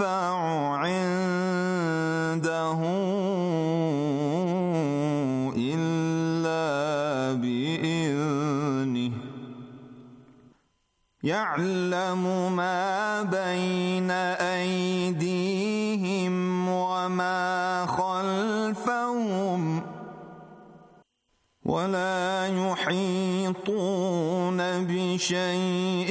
الشفاع عنده إلا بإذنه يعلم ما بين أيديهم وما خلفهم ولا يحيطون بشيء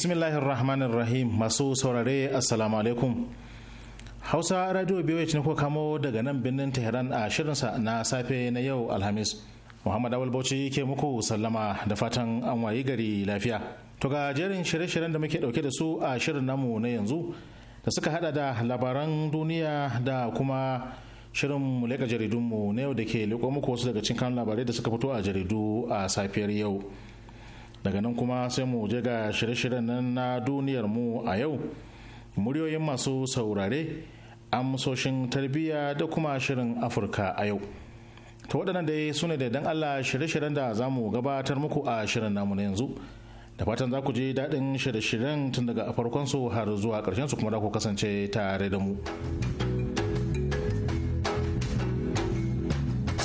bismillahir rahim masu saurare assalamu alaikum hausa radio bih ne kuka kamo daga nan birnin tehran a shirinsa na safe na yau alhamis muhammad awal bauchi ke muku sallama da fatan an wayi gari lafiya to ga jerin shirye-shiryen da muke dauke da su a shirin namu na yanzu da suka hada da labaran duniya da kuma shirin mu leka jaridunmu na yau da ke leko muku wasu daga cikin labarai da suka fito a jaridu a safiyar yau daga nan kuma sai mu je ga shirye-shiryen nan na duniyar mu a yau muryoyin masu saurare amsoshin tarbiyya da kuma shirin afirka a yau ta waɗannan dai su ne da dan allah shirye-shiryen da za mu gabatar muku a shirin namu na yanzu da fatan za ku je daɗin shirye-shiryen tun daga farkon su har zuwa ƙarshen su kuma da ku kasance tare da mu.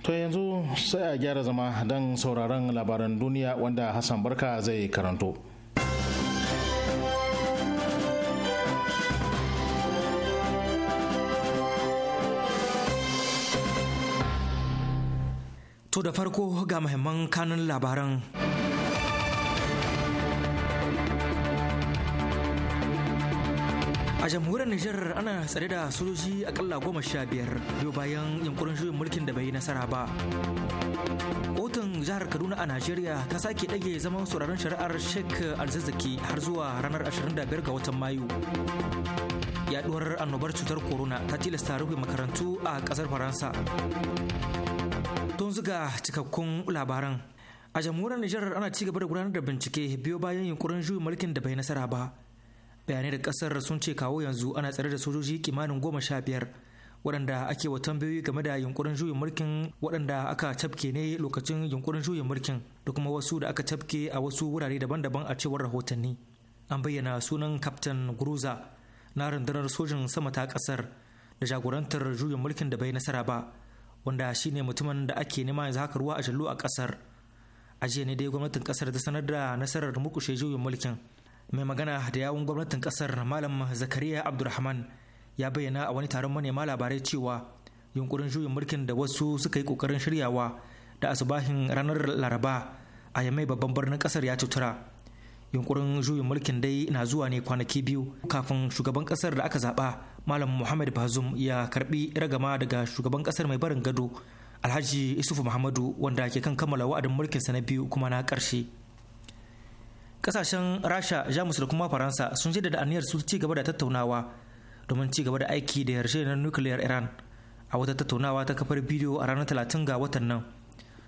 To yanzu sai a gyara zama don sauraron labaran duniya wanda Hassan Barka zai karanto. To da farko ga muhimman kanun labaran. jamhuriyar Nijar ana tsare da sojoji akalla goma sha biyar biyu bayan yankurin juyin mulkin da bai yi nasara ba. Kotun jihar Kaduna a Najeriya ta sake ɗage zaman sauraron shari'ar Sheikh Alzazzaki har zuwa ranar 25 ga watan Mayu. Yaduwar annobar cutar corona ta tilasta rufe makarantu a ƙasar Faransa. Tun zuga cikakkun labaran. A jamhuriyar Nijar ana ci gaba da gudanar da bincike biyo bayan yunkurin juyin mulkin da bai nasara ba. bayanai da kasar sun ce kawo yanzu ana tsare da sojoji kimanin goma sha biyar waɗanda ake wa tambayoyi game da yunkurin juyin mulkin waɗanda aka tafke ne lokacin yunkurin juyin mulkin da kuma wasu da aka tafke a wasu wurare daban-daban a cewar rahotanni an bayyana sunan kaftan guruza na rundunar sojin sama ta kasar da jagorantar juyin mulkin da bai nasara ba wanda shine mutumin da ake nema yanzu haka ruwa a jallo a ƙasar a jiya ne dai gwamnatin ƙasar ta sanar da nasarar murkushe juyin mulkin mai magana da yawun gwamnatin kasar malam zakariya abdulrahman ya bayyana a wani taron manema labarai cewa yunkurin juyin mulkin da wasu suka yi kokarin shiryawa da asubahin ranar laraba a yamai babban birnin kasar ya cutura yunkurin juyin mulkin dai na zuwa ne kwanaki biyu kafin shugaban kasar da aka zaba malam muhammad bazum ya karbi ragama daga shugaban kasar mai barin gado alhaji isufu muhammadu wanda ke kan kammala wa'adin mulkinsa na biyu kuma na karshe kasashen rasha jamus da kuma faransa sun jaddada aniyar su ci gaba da tattaunawa domin ci gaba da aiki da na nukiliyar iran a wata tattaunawa ta kafar bidiyo a ranar talatin ga watan nan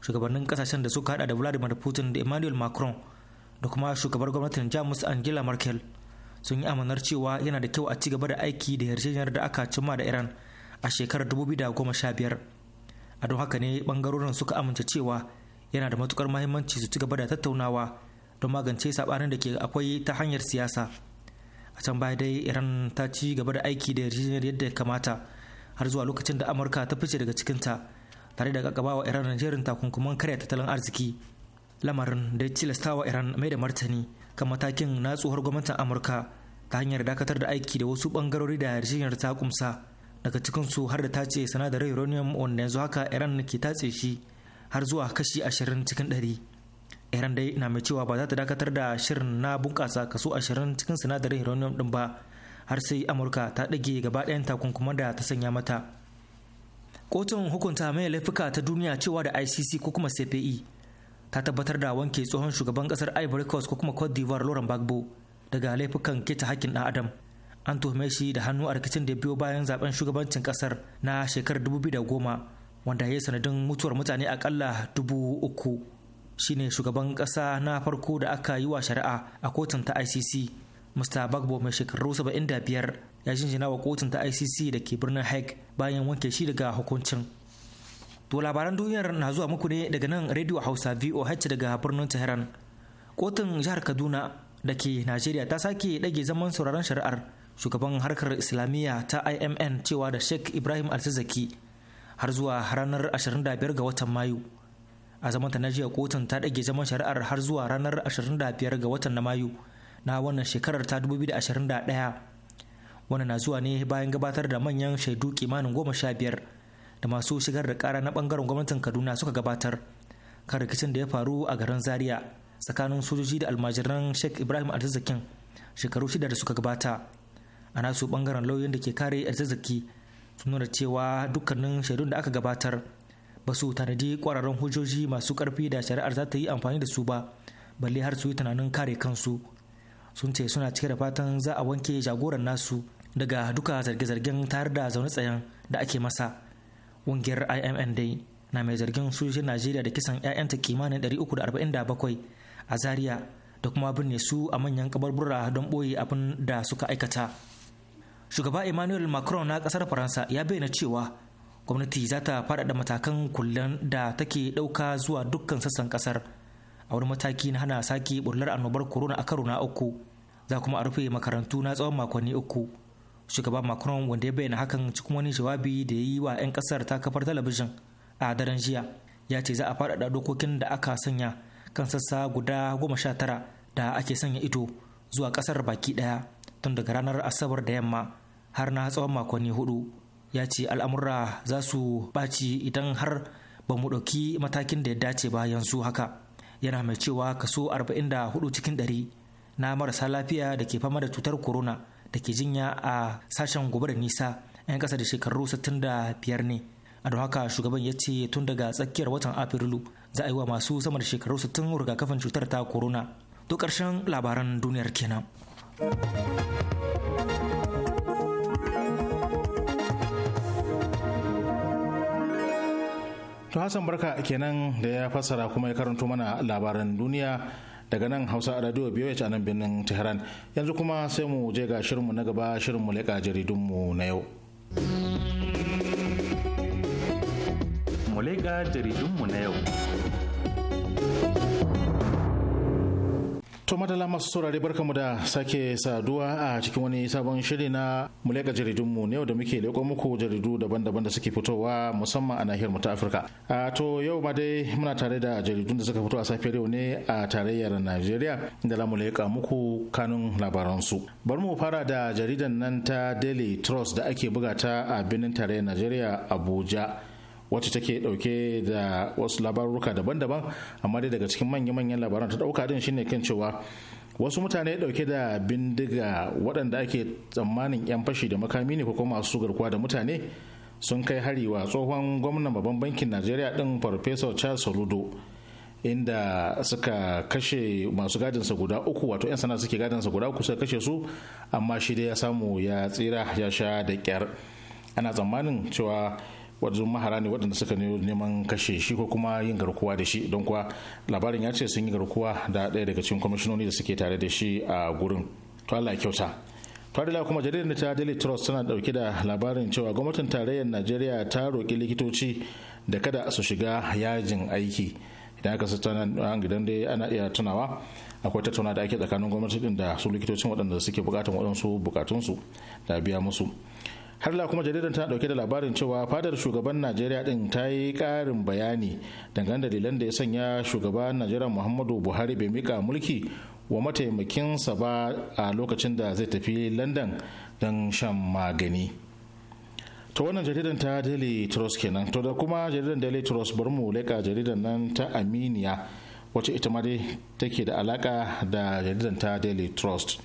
shugabannin kasashen da suka hada da vladimir putin da emmanuel macron da kuma shugabar gwamnatin jamus angela merkel sun yi amanar cewa yana da kyau a ci gaba da aiki da yarjejeniyar da aka cimma da iran a shekarar da sha biyar a don haka ne bangarorin suka amince cewa yana da matukar mahimmanci su ci gaba da tattaunawa don magance sabanin da ke akwai ta hanyar siyasa a can baya dai iran ta ci gaba da aiki da yarjejeniyar yadda ya kamata har zuwa lokacin da amurka ta fice daga cikinta tare da gaba iran jerin takunkuman karya tattalin arziki lamarin da ya tilastawa iran mai da martani kan matakin na tsohuwar gwamnatin amurka ta hanyar dakatar da aiki da wasu bangarori da yarjejeniyar ta kumsa daga cikinsu har da tace sinadarai uranium wanda yanzu haka iran ke tatse shi har zuwa kashi ashirin cikin ɗari. iran dai na mai cewa ba za ta dakatar da shirin na bunƙasa kaso ashirin cikin sinadarin uranium din ba har sai amurka ta dage gaba ɗayan takunkuma da ta sanya mata kotun hukunta mai laifuka ta duniya cewa da icc ko kuma CPE ta tabbatar da wanke tsohon shugaban kasar ivory coast ko kuma cote d'ivoire laurent gbagbo daga laifukan keta hakkin ɗan adam an tuhume shi da hannu a rikicin da biyo bayan zaben shugabancin kasar na shekarar 2010 wanda ya yi sanadin mutuwar mutane akalla dubu uku shine shugaban ƙasa na farko da aka yi wa shari'a a kotun ta ICC. Mr. Bagbo mai shekaru 75 ya jinjina wa kotun ta ICC da ke birnin Hague bayan wanke shi daga hukuncin. To labaran duniyar na zuwa muku ne daga nan Radio Hausa VOH daga birnin Tehran. Kotun jihar Kaduna da ke Najeriya ta sake dage zaman sauraron shari'ar shugaban harkar Islamiyya ta IMN cewa da Sheikh Ibrahim Alzazaki har zuwa ranar 25 ga watan Mayu. a ta na jiya kotun ta dage zaman shari'ar har zuwa ranar 25 ga watan na mayu na wannan shekarar ta 2021 wannan na zuwa ne bayan gabatar da manyan shaidu kimanin goma sha biyar da masu shigar da kara na bangaren gwamnatin kaduna suka gabatar kan rikicin da ya faru a garin zaria tsakanin sojoji da almajiran sheikh ibrahim arzikin shekaru shida da suka gabata a nasu bangaren lauyoyin da ke kare arzikin sun nuna cewa dukkanin shaidun da aka gabatar ba su tanadi kwararren hujjoji masu karfi da shari'ar za ta yi amfani da su ba balle har su yi tunanin kare kansu sun ce suna cike da fatan za a wanke jagoran nasu daga duka zarge-zargen tayar da zaune tsayen da ake masa ƙungiyar imn dai na mai zargin sojojin najeriya da kisan 'ya'yanta kimanin da da 347 a zaria da kuma binne su a manyan kabarbura don ɓoye abin da suka aikata shugaba emmanuel macron na ƙasar faransa ya bayyana cewa gwamnati za ta faɗaɗa matakan kullum da take ɗauka zuwa dukkan sassan ƙasar a wani mataki na hana sake burlar annobar corona a karo na uku za kuma a rufe makarantu na tsawon makonni uku shugaban macron wanda ya bayyana hakan cikin wani jawabi da ya yi wa 'yan ƙasar ta kafar talabijin a daren jiya ya ce za a faɗaɗa dokokin da aka sanya kan sassa guda goma sha tara da ake sanya ido zuwa ƙasar baki ɗaya tun daga ranar asabar da yamma har na tsawon makonni hudu ya ce al'amurra za su ɓaci idan har ba mu ɗauki matakin da ya dace ba yanzu haka yana mai cewa kaso 44 cikin 100 na marasa lafiya da ke fama da cutar corona da ke jinya a sashen gobe da nisa 'yan ƙasa da shekaru 65 ne a don haka shugaban ya ce tun daga tsakiyar watan afrilu za a yi wa masu sama da shekaru 60 rigakafin cutar ta corona to ƙarshen labaran duniyar kenan. To Hassan Barka kenan da ya fassara kuma ya karanto mana labaran duniya daga nan Hausa Radio BOH a nan birnin Tehran. Yanzu kuma sai mu je ga shirinmu na gaba shirinmu leƙa jaridunmu na yau. Mulega jaridunmu na yau. To madala masu saurare barkamu da sake saduwa a cikin wani sabon shiri na muleka jaridunmu na yau da muke leko muku jaridu daban-daban da suke fitowa musamman a nahiyar ta Afirka. A to yau ma dai muna tare da jaridun da suka fito a safiyar yau ne a tarayyar Najeriya da za mu muku kanun labaransu. Bari mu fara da jaridan nan ta Daily Trust da ake buga ta a birnin tarayyar Najeriya Abuja. wacce take dauke da wasu labaruka daban-daban amma dai daga cikin manya-manyan labaran ta dauka din shine kan cewa wasu mutane dauke da bindiga waɗanda ake tsammanin 'yan fashi da makami ne ko kuma masu garkuwa da mutane sun kai hari wa tsohon gwamnan babban bankin najeriya din farfesa charles soludo inda suka kashe masu gadinsa guda uku wato 'yan sana suke gadinsa guda uku suka kashe su amma shi dai ya samu ya tsira ya sha da kyar ana tsammanin cewa wadannan mahara ne waɗanda suka neman kashe shi ko kuma yin garkuwa da shi don kuwa labarin ya ce sun yi garkuwa da daya daga cikin kwamishinoni da suke tare da shi a gurin to Allah kyauta Fadila kuma jaridar ta daily trust tana dauke da labarin cewa gwamnatin tarayyar najeriya ta roƙi likitoci da kada su shiga yajin aiki idan aka nan gidan dai ana iya tunawa akwai tattauna da ake tsakanin gwamnati da su likitocin waɗanda suke buƙatan waɗansu bukatunsu da biya musu har la kuma jaridar ta dauke da labarin cewa fadar shugaban najeriya din ta yi karin bayani dangane dalilan da ya sanya shugaban najeriya muhammadu buhari bai mika mulki wa mataimakinsa ba a lokacin da zai tafi london don shan magani ta wannan jaridan ta daily trust kenan to da kuma jaridar daily trust bar mu leka jaridan nan ta aminiya wacce ita ma dai take da alaka da jaridan ta daily trust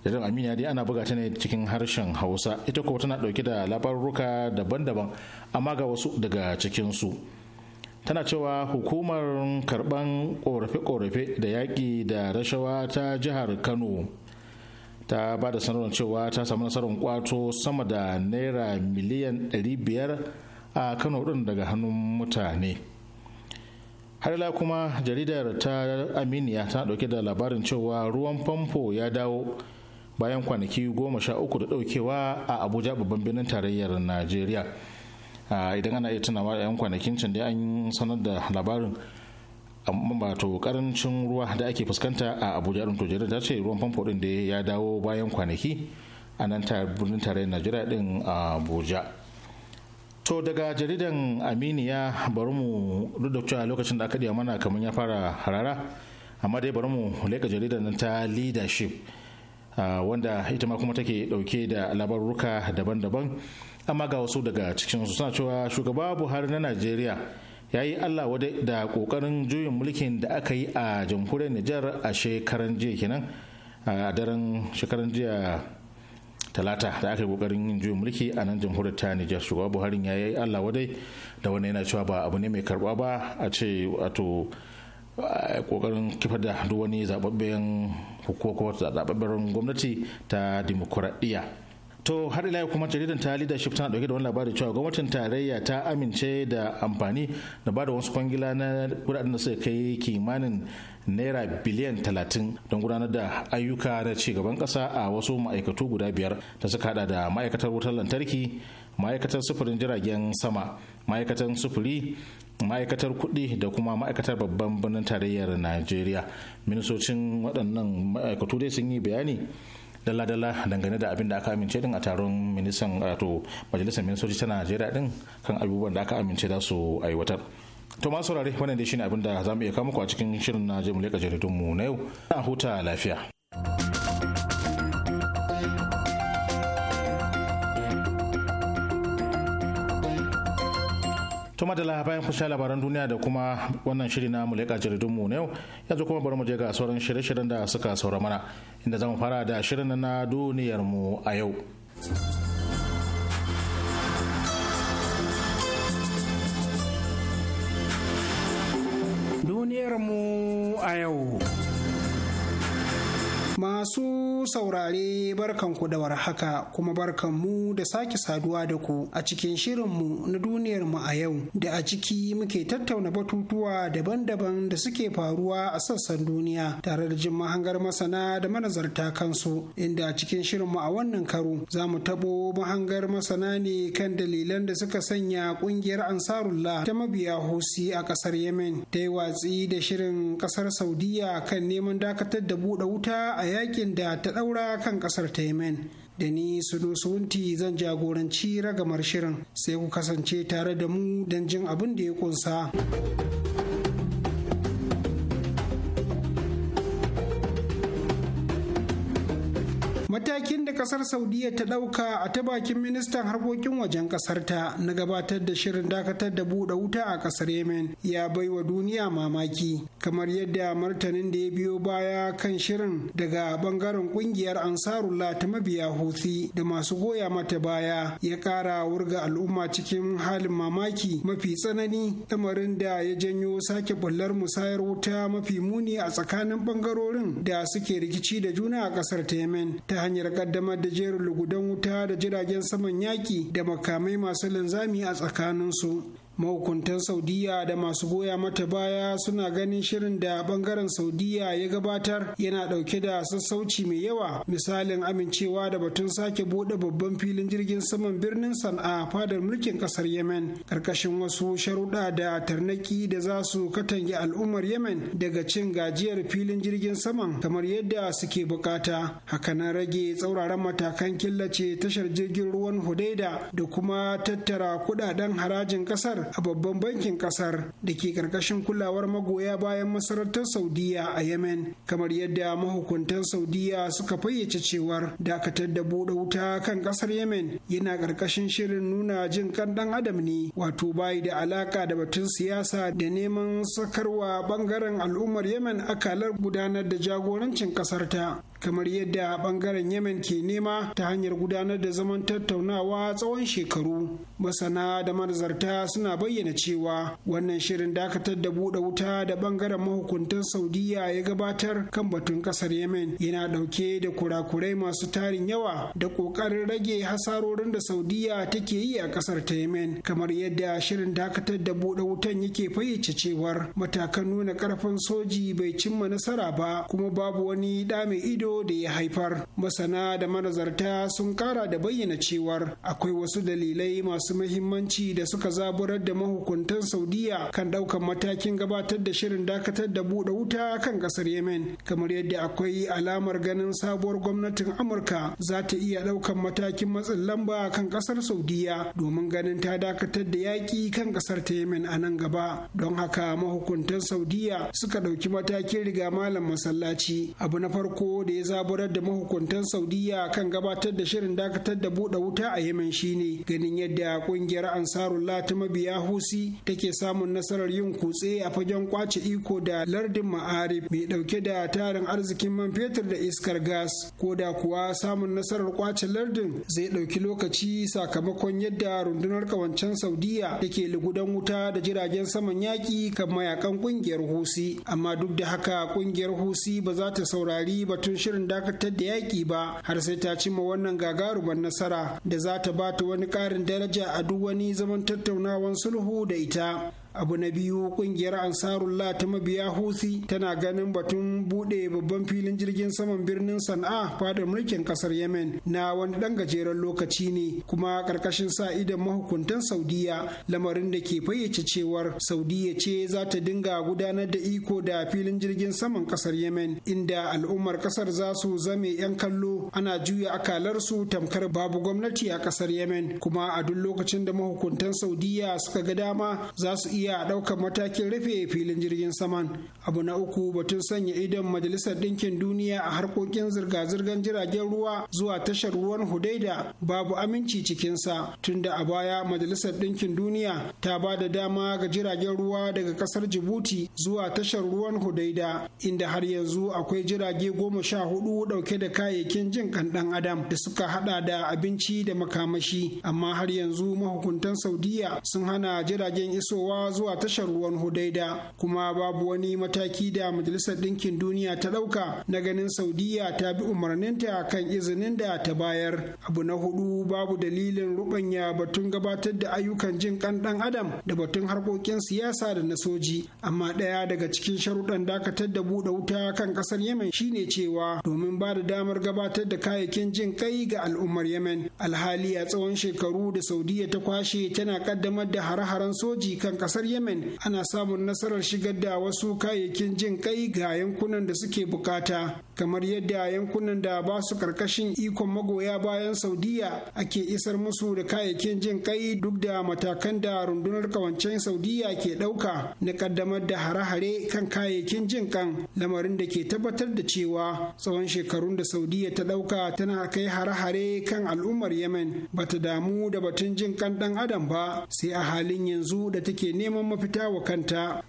Jadon Aminiya dai ana buga ta ne cikin harshen Hausa ita ko tana dauke da labaruka daban-daban amma ga wasu daga cikinsu. Tana cewa hukumar karban korafe-korafe da yaƙi da rashawa ta jihar Kano ta ba da sanarwar cewa ta samu nasarar kwato sama da naira miliyan 500 a Kano ɗin daga hannun mutane. har la kuma jaridar ta aminiya ta dauke da labarin cewa ruwan famfo ya dawo bayan kwanaki goma sha uku da daukewa a abuja babban birnin tarayyar najeriya idan ana iya tunawa 'yan kwanakin can da an sanar da labarin wato karancin ruwa da ake fuskanta a abuja din tojera ta ce ruwan famfo din da ya dawo bayan kwanaki a nan birnin tarayyar najeriya din abuja to daga jaridan aminiya bari mu duk cewa lokacin da aka diya mana kamar ya fara harara amma dai bari mu leka jaridan ta leadership Ah, wanda ita ma kuma take dauke da labaruka daban-daban amma ga wasu daga cikin su suna cewa shugaba buhari na najeriya ya yi allah wade da kokarin juyin mulkin da aka yi a jamhuriyar nijar a shekaran jiya kenan ah, a daren shekaran jiya talata da aka yi kokarin yin juyin mulki a nan jamhuriyar ta nijar shugaba buhari ya yi allah wadai da wani yana cewa ba abu ne mai karba ba a ce wato ah, kokarin kifar da duk wani zababben ko kuma zaɓaɓɓen gwamnati ta dimokuraɗiyya to har ila kuma jaridan ta leadership tana dauke da wani labari cewa gwamnatin tarayya ta amince da amfani da bada wasu kwangila na kudaden da suka kai kimanin naira biliyan talatin don gudanar da ayyuka na cigaban kasa a wasu ma'aikatu guda biyar da suka hada da ma'aikatar wutar lantarki ma'aikatar sufurin jiragen sama ma'aikatar sufuri ma'aikatar kuɗi da kuma ma'aikatar babban birnin tarayyar najeriya ministocin waɗannan ma'aikatu dai sun yi bayani dala-dala dangane da abin da aka amince din a taron ministan to majalisar ministoci ta najeriya din kan abubuwan da aka amince da su aiwatar to ma saurare wannan dai shine abin da za mu iya kama ku a cikin shirin na mu jaridun mu na yau na huta lafiya to madala bayan kusa labaran duniya da kuma wannan shiri na mulika jaridun mu na yau yanzu kuma bari mu je ga sauran shirye-shiryen da suka saura mana inda zamu fara da shirin na duniyar mu a yau duniyar mu a yau Masu saurare barkan ku da warhaka kuma barkanmu da sake saduwa da ku a cikin shirin mu na duniyar mu a yau da a ciki muke tattauna batutuwa daban-daban da suke faruwa a sassan duniya tare da jin mahangar masana da manazarta kansu inda a cikin mu a wannan karo za mu tabo mahangar masana ne kan dalilan da suka sanya ƙungiyar ansarullah ta mabiya hosi a ƙasar yemen ta yi watsi da shirin ƙasar saudiya kan neman dakatar da buɗe wuta a yakin da ta ɗaura kan ƙasar ta yemen da ni sunusunti zan jagoranci ragamar shirin sai ku kasance tare da mu don jin abin da ya ƙunsa. Matakin da kasar Saudiya ta ɗauka a ta bakin ministan harkokin wajen kasar ta na gabatar da shirin dakatar da buɗe wuta a kasar Yemen ya baiwa duniya mamaki kamar yadda martanin da ya biyo baya kan shirin daga bangaren ƙungiyar Ansarullah ta mabiya hutsi da masu goya mata baya ya ƙara wurga al'umma cikin halin mamaki mafi tsanani lamarin da ya janyo sake bullar musayar wuta mafi muni a tsakanin bangarorin da suke rikici da juna a kasar ta Yemen ta hanyar kaddamar da jerin lugudan wuta da jiragen saman yaƙi da makamai masu linzami a tsakaninsu mahukuntan saudiya da masu goya mata baya suna ganin shirin da bangaren saudiya ya gabatar yana dauke da sassauci mai yawa misalin amincewa da batun sake bude babban filin jirgin saman birnin a fadar mulkin kasar yemen karkashin wasu sharuɗa da tarnaki da za su katange al'ummar yemen daga cin gajiyar filin jirgin saman kamar yadda suke bukata hakanan rage tsauraran matakan killace tashar jirgin ruwan hudaida da kuma tattara kudaden harajin kasar a babban bankin kasar da ke karkashin kulawar magoya bayan masarautar saudiya a yemen kamar yadda mahukuntan saudiya suka fayyace cewar dakatar da buɗe wuta kan kasar yemen yana karkashin shirin nuna jin kan dan adam ne wato bayi da alaka da batun siyasa da neman sakarwa bangaren al'ummar yemen akalar gudanar da jagorancin kasar ta kamar yadda bangaren yemen ke nema ta hanyar gudanar da zaman tattaunawa tsawon shekaru masana da manazarta suna bayyana cewa wannan shirin dakatar da buɗe wuta da bangaren mahukuntan saudiya ya gabatar kan batun ƙasar yemen yana ɗauke da kurakurai masu tarin yawa da ƙoƙarin rage hasarorin da saudiya take yi a ƙasar ta yemen kamar yadda shirin dakatar da buɗe wutan yake fayyace cewar matakan nuna ƙarfin soji bai cimma nasara ba kuma babu wani ɗa mai ido ido da ya haifar masana da manazarta sun kara da bayyana cewar akwai wasu dalilai masu muhimmanci da suka zaburar da mahukuntan saudiya kan ɗaukar matakin gabatar da shirin dakatar da buɗe wuta kan ƙasar yemen kamar yadda akwai alamar ganin sabuwar gwamnatin amurka za ta iya ɗaukar matakin matsin lamba kan ƙasar saudiya domin ganin ta dakatar da yaƙi kan ƙasar ta yemen a nan gaba don haka mahukuntan saudiya suka ɗauki matakin riga malam masallaci abu na farko da ya ya zaburar da mahukuntan saudiya kan gabatar da shirin dakatar da buɗe wuta a yemen shine ganin yadda ƙungiyar ansarullah ta mabiya husi take samun nasarar yin kutse a fagen kwace iko da lardin ma'arif mai dauke da tarin arzikin man fetur da iskar gas ko da kuwa samun nasarar kwace lardin zai dauki lokaci sakamakon yadda rundunar kawancen saudiya take lugudan wuta da jiragen saman yaki kan mayakan ƙungiyar husi amma duk da haka ƙungiyar husi ba za ta saurari batun shirin shirin dakatar da yaƙi ba har sai ta cimma wannan gagarumar nasara da za ta ba wani ƙarin daraja a duk wani zaman tattaunawan sulhu da ita abu na biyu kungiyar ansarullah ta mabiya husi tana ganin batun bude babban filin jirgin saman birnin sana'a fadar mulkin kasar yemen na wani dan gajeren lokaci ne kuma karkashin sa idan mahukuntan saudiya lamarin da ke fayyace cewar saudiya ce za ta dinga gudanar da iko da filin jirgin saman kasar yemen inda al'ummar kasar za su zame yan kallo ana juya akalarsu tamkar babu gwamnati a kasar yemen kuma a duk lokacin da mahukuntan saudiya suka ga dama za su iya iya ɗaukar matakin rufe filin jirgin saman abu na uku batun sanya idon majalisar ɗinkin duniya a harkokin zirga-zirgar jiragen ruwa zuwa tashar ruwan hudaida babu aminci cikinsa tunda a baya majalisar ɗinkin duniya ta ba da dama ga jiragen ruwa daga ƙasar jibuti zuwa tashar ruwan hudaida inda har yanzu akwai jirage goma sha hudu ɗauke da kayayyakin jin kan ɗan adam da suka haɗa da abinci da makamashi amma har yanzu mahukuntan saudiya sun hana jiragen isowa zuwa tashar ruwan Hudaida kuma babu wani mataki da Majalisar Ɗinkin Duniya ta ɗauka na ganin Saudiya ta bi umarninta kan izinin da ta bayar. Abu na hudu babu dalilin rubanya batun gabatar da ayyukan jin kan dan adam da batun harkokin siyasa da na soji amma ɗaya daga cikin sharuɗan dakatar da buɗe wuta kan ƙasar Yemen shine cewa domin ba da damar gabatar da kayayyakin jin kai ga al'ummar Yemen alhali a tsawon shekaru da Saudiya ta kwashe tana ƙaddamar da hare-haren soji kan ƙasar kasar yemen ana samun nasarar shigar da wasu kayayyakin jin kai ga yankunan da suke bukata kamar yadda yankunan da ba su karkashin ikon magoya bayan saudiya ake isar musu da kayayyakin jin kai duk da matakan da rundunar kawancen saudiya ke ɗauka na kaddamar da hare-hare kan kayayyakin jin kan lamarin da ke tabbatar da cewa tsawon shekarun da saudiya ta ɗauka tana kai hare-hare kan al'ummar yemen bata damu da batun jin kan ɗan adam ba sai a halin yanzu da take neman neman mafita wa kanta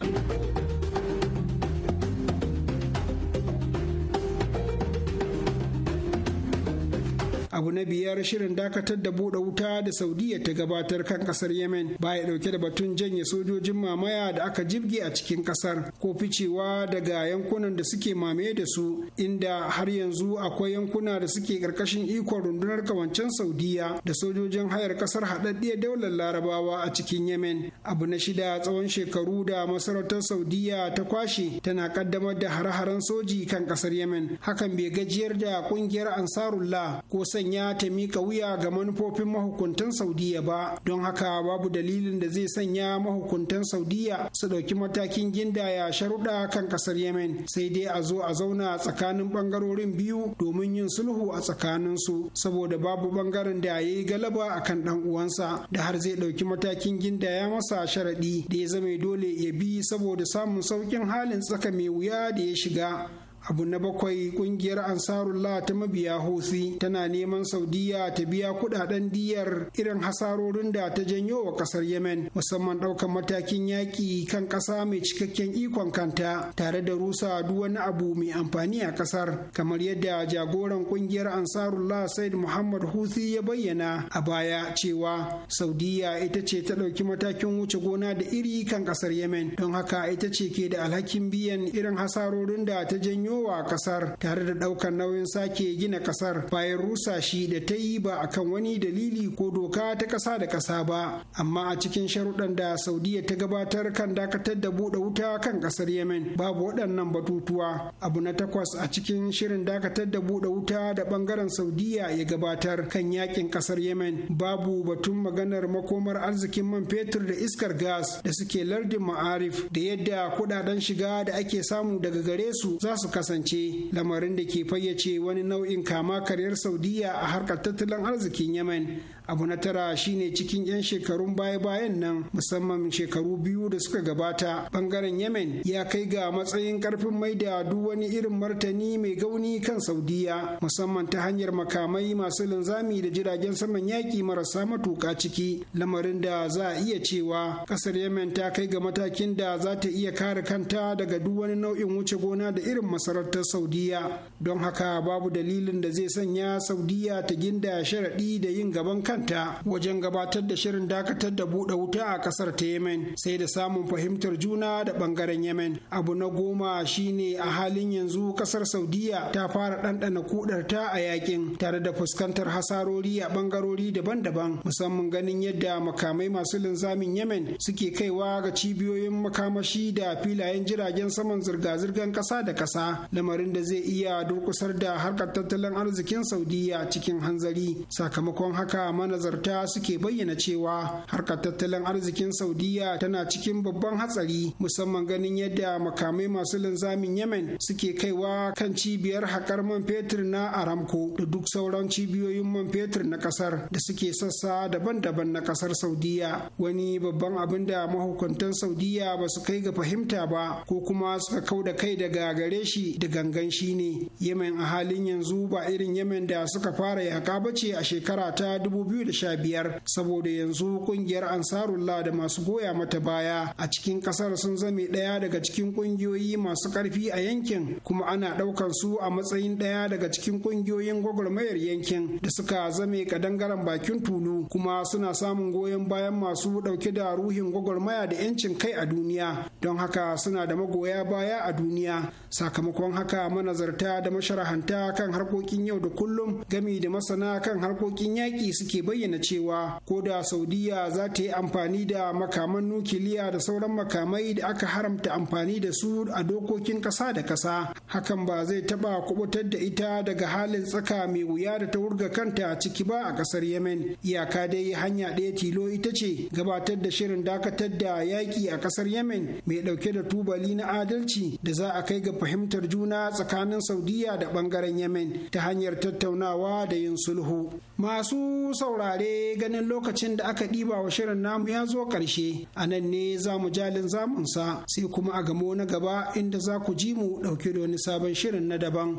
abu na biyar shirin dakatar da buɗe wuta da saudiya ta gabatar kan ƙasar yemen baya ɗauke da batun janye sojojin mamaya da aka jibge a cikin ƙasar ko ficewa daga yankunan da suke mamaye da su inda har yanzu akwai yankuna da suke karkashin ikon rundunar kawancen saudiya da sojojin hayar ƙasar haɗaɗɗiyar daular larabawa a cikin yemen abu na shida tsawon shekaru da masarautar saudiya ta kwashe tana ƙaddamar da hare-haren soji kan ƙasar yemen hakan bai gajiyar da ƙungiyar ansarullah ko sanya sanya ta mika wuya ga manufofin mahukuntan saudiya ba don haka babu dalilin da zai sanya mahukuntan saudiya su ɗauki matakin Ginda ya sharuɗa kan ƙasar yemen sai dai a zo a zauna a tsakanin ɓangarorin biyu domin yin sulhu a tsakaninsu saboda babu ɓangaren da ya yi galaba a kan ɗan uwansa da har zai ɗauki matakin Ginda ya masa sharaɗi da ya zama dole ya bi saboda samun sauƙin halin tsaka mai wuya da ya shiga abu na bakwai kungiyar ansarullah ta mabiya hosi tana neman saudiya ta biya kudaden diyar irin hasarorin da ta janyo wa kasar yemen musamman daukan matakin yaki kan ƙasa mai cikakken ikon kanta tare da rusa duk wani abu mai amfani a kasar kamar yadda jagoran kungiyar ansarullah said muhammad husi ya bayyana a baya cewa saudiya ita ce ta ɗauki matakin wuce gona da iri kan kasar yemen don haka ita ce ke da alhakin biyan irin hasarorin da ta janyo a kasar tare da ɗaukar nauyin sake gina kasar bayan rusa shi da ta yi ba akan wani dalili ko doka ta ƙasa da ƙasa ba amma a cikin sharuɗan da saudiya ta gabatar kan dakatar da buɗe wuta kan ƙasar yemen babu waɗannan batutuwa abu na takwas a cikin shirin dakatar da buɗe wuta da ɓangaren saudiya ya gabatar kan yakin ƙasar yemen babu batun maganar makomar arzikin man fetur da iskar gas da suke lardin ma'arif da yadda kuɗaɗen shiga da ake samu daga gare su za su kasance lamarin da ke fayyace wani nau'in kama karyar saudiya a harkar tattalin arzikin yemen abu na tara shine cikin 'yan shekarun baya-bayan nan musamman shekaru biyu da suka gabata bangaren yemen ya kai ga matsayin karfin maida duk wani irin martani mai gauni kan saudiya musamman ta hanyar makamai masu linzami da jiragen saman yaki marasa matuka ciki lamarin da za a iya cewa ƙasar yemen ta kai ga matakin da za ta iya kare kanta daga duk wani nau'in wuce gona da irin masarautar saudiya don haka babu dalilin da zai sanya saudiya ta ginda sharaɗi da yin gaban kan kanta wajen gabatar da shirin dakatar da buɗe wuta a ƙasar ta yemen sai da samun fahimtar juna da ɓangaren yemen abu na goma shine a halin yanzu ƙasar saudiya ta fara ɗanɗana kudarta a yakin tare da fuskantar hasarori a ɓangarori daban-daban musamman ganin yadda makamai masu linzamin yemen suke kaiwa ga cibiyoyin makamashi da filayen jiragen saman zirga-zirgar ƙasa da ƙasa lamarin da zai iya durƙusar da harkar tattalin arzikin saudiya cikin hanzari sakamakon haka manazarta suke bayyana cewa harkar tattalin arzikin saudiya tana cikin babban hatsari musamman ganin yadda makamai masu linzamin yemen suke kaiwa kan cibiyar haƙar man fetur na aramco da duk sauran cibiyoyin man fetur na ƙasar da suke sassa daban-daban na ƙasar saudiya wani babban abin da mahukuntan saudiya ba su kai ga fahimta ba ko kuma suka kau da kai daga gare shi da gangan shi ne yemen a halin yanzu ba irin yemen da suka fara yaƙa bace a shekara ta dubu 2015 saboda yanzu kungiyar ansarullah da masu goya mata baya a cikin kasar sun zame ɗaya daga cikin kungiyoyi masu ƙarfi a yankin kuma ana ɗaukan su a matsayin ɗaya daga cikin kungiyoyin gwagwarmayar yankin da suka zame kadangaren bakin tulu kuma suna samun goyon bayan masu dauke da ruhin gwagwarmaya da 'yancin kai a duniya don haka suna da magoya baya a duniya sakamakon haka manazarta da masharahanta kan harkokin yau da kullum gami da masana kan harkokin yaƙi suke bayyana cewa ko da saudiya za ta yi amfani da makaman nukiliya da sauran makamai da aka haramta amfani da su a dokokin kasa da kasa, hakan ba zai taɓa kubutar da ita daga halin tsaka mai wuya da ta wurga kanta ciki ba a ƙasar yemen iyaka dai hanya ɗaya tilo ita ce gabatar da shirin dakatar da yaƙi a ƙasar yemen mai ɗauke da tubali na adalci da za a kai ga fahimtar juna tsakanin saudiya da ɓangaren yemen ta hanyar tattaunawa da yin sulhu masu sau saurare ganin lokacin da aka ɗiba wa shirin namu ya zo ƙarshe a nan ne za mu jalin zamunsa sai kuma a gamo na gaba inda za ku ji mu ɗauke da wani sabon shirin na daban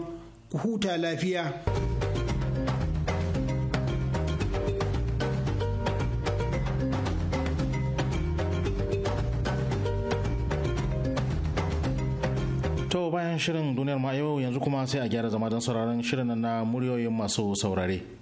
ku huta lafiya. bayan shirin duniyar ma yau yanzu kuma sai a gyara zama don sauraron shirin na muryoyin masu saurare.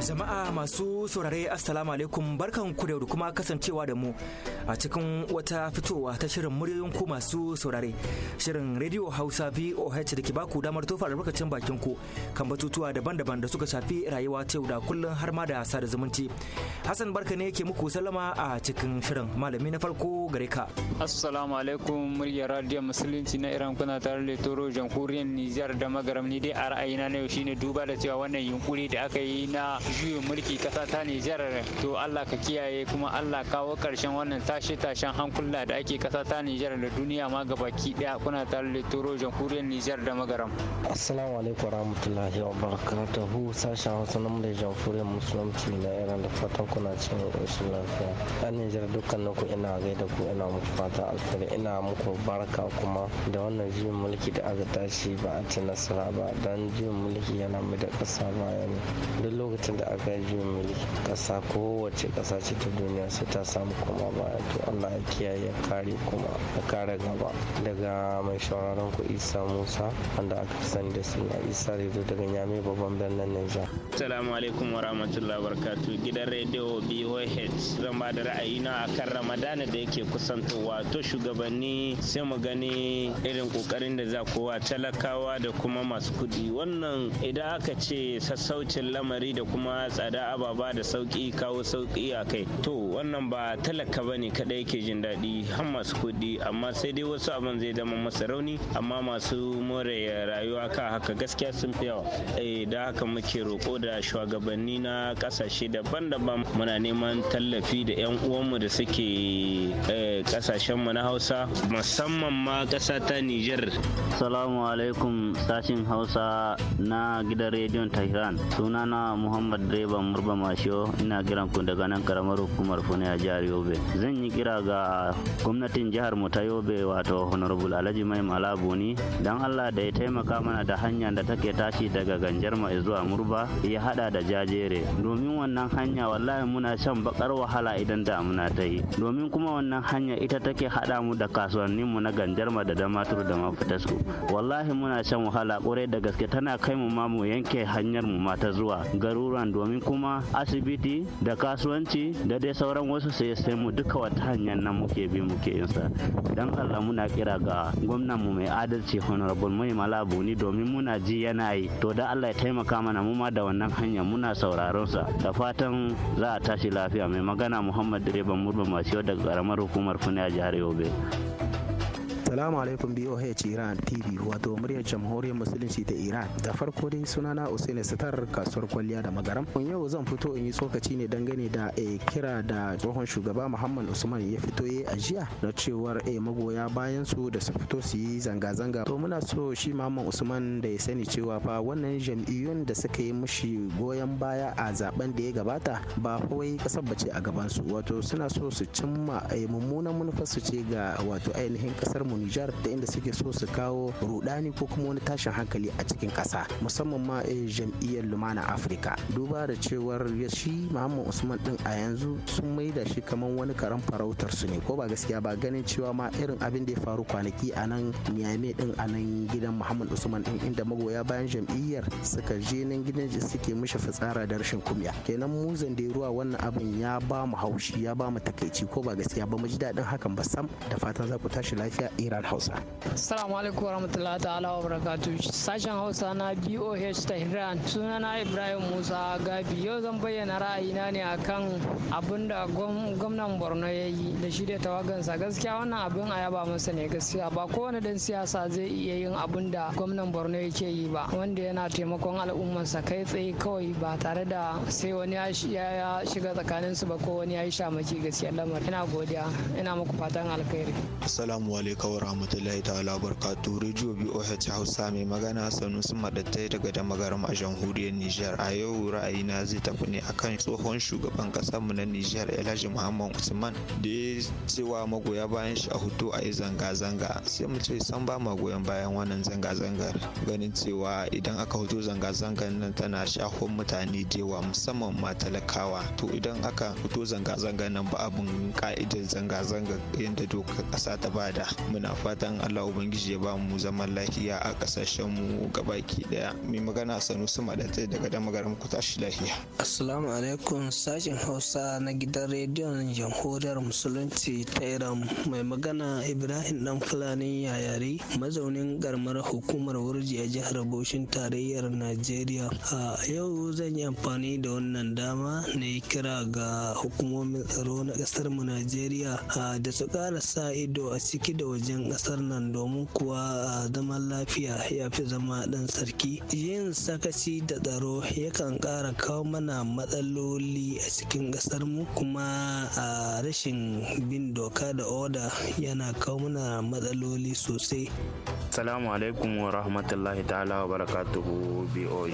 Jama'a masu saurare Assalamu alaikum barkan ku da kuma kasancewa da mu a cikin wata fitowa ta shirin muryoyin masu saurare. Shirin Radio Hausa VOH da ke baku damar tofa albarkacin bakin ku kan batutuwa daban-daban da suka shafi rayuwa ta yau da kullum har ma da sada zumunci. Hassan barka ne ke muku sallama a cikin shirin malami na farko gare ka. Assalamu alaikum muryar Radio Musulunci na Iran kuna tare da Toro Jamhuriyar Nijar da Magaram ni dai a ra'ayina na yau shine duba da cewa wannan yunkuri da aka yi na juyin mulki kasa ta Nijar to Allah ka kiyaye kuma Allah kawo karshen wannan tashe-tashen hankula da ake kasa ta Nijar da duniya ma gabaki daya kuna tare da jamhuriyar Nijar da magaram. Assalamu alaikum warahmatullahi wabarakatuhu sashen Hausa na muryar jamhuriyar musulunci na Iran da fatan kuna cikin ƙoshin lafiya. Ɗan Nijar dukkanin ku ina da ku ina muku fata alfahari ina muku baraka kuma da wannan juyin mulki da aka tashi ba a ci nasara ba dan juyin mulki yana mai da ƙasa baya Duk lokacin da aka yi kasa ƙasa kowace ƙasa ce ta duniya sai ta samu kuma baya to allah ya kiyaye ya kare kuma ya kare gaba daga mai shawararren ku isa musa wanda aka sani da suna isa rido daga nyame babban birnin nijar assalamu alaikum wa rahmatullahi wa barakatuh gidan rediyo boh zan ba da na akan ramadana da yake kusantowa to shugabanni sai mu gani irin kokarin da za kowa talakawa da kuma masu kuɗi wannan idan aka ce sassaucin lamari da kuma kuma tsada ababa da sauki kawo sauki a kai to wannan ba talaka bane kadai ke jin daɗi har masu kuɗi amma sai dai wasu abin zai zama masa rauni amma masu more rayuwa ka haka gaskiya sun fi yawa eh da haka muke roƙo da shugabanni na ƙasashe daban-daban muna neman tallafi da 'yan uwanmu da suke eh, mu na hausa musamman ma ƙasa ta niger Assalamu alaikum sashin hausa na gidan rediyon tehran sunana muhammad direban murba masho ina kiran ku daga nan karamar hukumar fune a jihar yobe zan yi kira ga gwamnatin jihar mu ta yobe wato honorable alhaji mai malabuni dan allah da ya taimaka mana da hanya da take tashi daga ganjar mai zuwa murba ya hada da jajere domin wannan hanya wallahi muna shan bakar wahala idan muna ta yi domin kuma wannan hanya ita take hada mu da kasuwannin mu na ganjar da damatur da mafitasku wallahi muna shan wahala kwarai da gaske tana kai mu ma mu yanke hanyar mu ma ta zuwa garuruwan domin kuma asibiti da kasuwanci da dai sauran wasu sai sai mu duka wata hanyar nan muke bi muke yin sa dan Allah muna kira ga gwamnan mu mai adalci honorable mai malabu ni domin muna ji yana yi to da Allah ya taimaka mana mu ma da wannan hanya muna sauraron sa da fatan za a tashi lafiya mai magana Muhammad Direban Murba Masiyo daga karamar hukumar Funa jihar Yobe. Assalamu alaikum BOH Iran TV wato muryar jamhuriyar musulunci ta Iran. Da farko dai sunana Usaini satar kasuwar kwalliya da magaram. Kun yau zan fito in yi tsokaci ne dangane da a eh, kira da tsohon shugaba Muhammad Usman ya fito ya a jiya na cewar a eh, magoya bayan su da su fito su yi zanga-zanga. To muna so shi Muhammad Usman da ya sani cewa fa wannan jam'iyyun da suka yi mishi goyon baya a zaben da ya gabata ba kawai kasar bace a gaban su wato suna so su cimma a eh, mummunan manufarsu ce ga wato ainihin kasar mu Nijar da inda suke so su kawo rudani ko kuma wani tashin hankali a cikin kasa musamman ma a eh, jam'iyyar Lumana Africa. Duba da cewar shi Muhammad Usman din a yanzu sun da shi kamar wani karan farautar su ne ko ba gaskiya ba ganin cewa ma irin abin da ya faru kwanaki a nan Niamey din a nan gidan Muhammad Usman din inda magoya bayan jam'iyyar suka je nan gidan suke mishi fitsara da rashin kumya. Kenan mu ruwa wannan abin ya ba mu haushi ya ba mu takaici ko ba gaskiya ba mu ji daɗin hakan ba sam da fatan za ku tashi lafiya eh, hira da hausa salamu alaikum warahmatullahi ta'ala wa barakatu sashen hausa na boh tehran sunana ibrahim musa gabi yau zan bayyana ra'ayina ne akan abin da gwamnan borno ya yi da shi da tawagansa gaskiya wannan abin a yaba masa ne gaskiya ba kowane dan siyasa zai iya yin abin da gwamnan borno yake yi ba wanda yana taimakon al'ummarsa kai tsaye kawai ba tare da sai wani ya shiga tsakaninsu ba ko wani ya yi shamaki gaskiya lamar ina godiya ina muku fatan alkhairi assalamu alaikum rahmatullahi ta'ala barkatu radio boh hausa mai magana sanusi madattai daga damagaram a jamhuriyar nijar a yau ra'ayi na zai tafi ne akan tsohon shugaban kasar mu na nijar alhaji muhammad usman da ya cewa magoya bayan shi a hutu a yi zanga-zanga sai mu ce san ba ma goyon bayan wannan zanga-zangar ganin cewa idan aka hutu zanga-zangar nan tana shahon mutane da yawa musamman ma talakawa to idan aka hutu zanga-zangar nan ba abin ka'idar zanga-zangar yadda dokar ƙasa ta bada muna muna fatan allah ubangiji ya ba mu zaman lafiya a kasashen mu gabaki daya mai magana sanusi madatai daga ku tashi lafiya assalamu alaikum sashen hausa na gidan rediyon jamhuriyar musulunci ta iran mai magana ibrahim dan fulani yayari mazaunin garmar hukumar wurji a jihar bauchin tarayyar najeriya a yau zan yi amfani da wannan dama na yi kira ga hukumomin tsaro na kasar mu najeriya da su ƙara sa ido a ciki da waje wajen ƙasar nan domin kuwa a zaman lafiya ya fi zama ɗan sarki yin sakaci da tsaro yakan ƙara kawo mana matsaloli a cikin ƙasar mu kuma a rashin bin doka da oda yana kawo mana matsaloli sosai salamu alaikum wa rahmatullahi ta'ala wa barakatuhu boah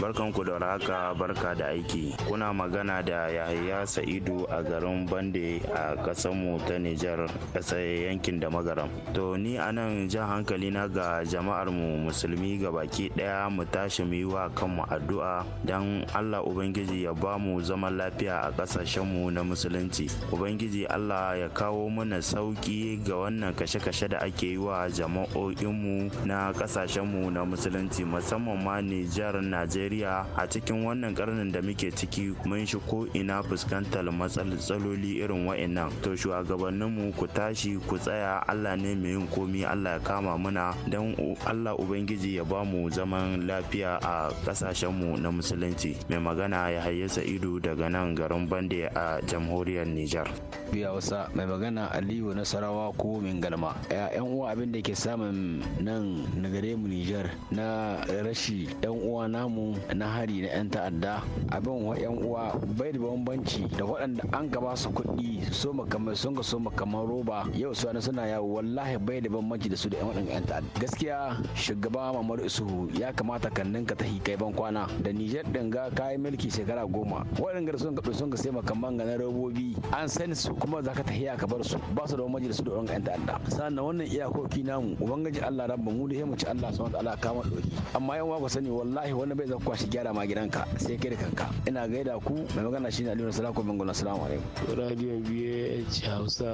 barkanku da raka barka da aiki kuna magana da yahaya sa'idu a garin bande a ƙasar mu ta nijar ƙasar yankin da magaram to ni anan jan hankali na ga jama'ar mu musulmi ga baki daya mu tashi mu yi wa kanmu addu'a dan Allah ubangiji ya ba mu zaman lafiya a ƙasashenmu mu na musulunci ubangiji Allah ya kawo mana sauki ga wannan kashe-kashe da ake yi wa jama'o'in na kasashen na musulunci musamman ma Nijar Najeriya a cikin wannan karnin da muke ciki mun shi ko ina fuskantar matsaloli irin wa'annan to shugabanninmu ku tashi ku tsaya allah ne mai yin komi allah ya kama muna don allah ubangiji ya bamu zaman lafiya a kasashen mu na musulunci mai magana ya hayyasa ido daga nan garin bande a jamhuriyar nijar biya wasa mai magana aliyu nasarawa ko mingalma yan uwa abin da ke samun nan na gare mu nijar na rashi yan uwa namu na hari na yan ta'adda abin wa yan uwa bai da bambanci da waɗanda an gaba su kuɗi so makamai sun ga so makaman roba yau su suna yawo wallahi bai da bambanci da su da 'yan waɗanda 'yan ta'adda gaskiya shugaba mamadu isuhu ya kamata kan ninka ta hikai ban kwana da nijar ga kayan mulki shekara goma waɗanda sun ka sun ka sai makamman ga na robobi an san su kuma za ka tahiya ka bar su ba su da bambanci da su da waɗanda 'yan ta'adda sannan wannan iyakoki namu ubangiji allah rabba mu da ya ci allah subhanahu wa ta'ala kama doki amma yan wako sani wallahi wannan bai zaka kwashi gyara ma gidanka sai kai da kanka ina gaida ku mai magana shine aliyu sallallahu alaihi wasallam assalamu alaikum radio bih hausa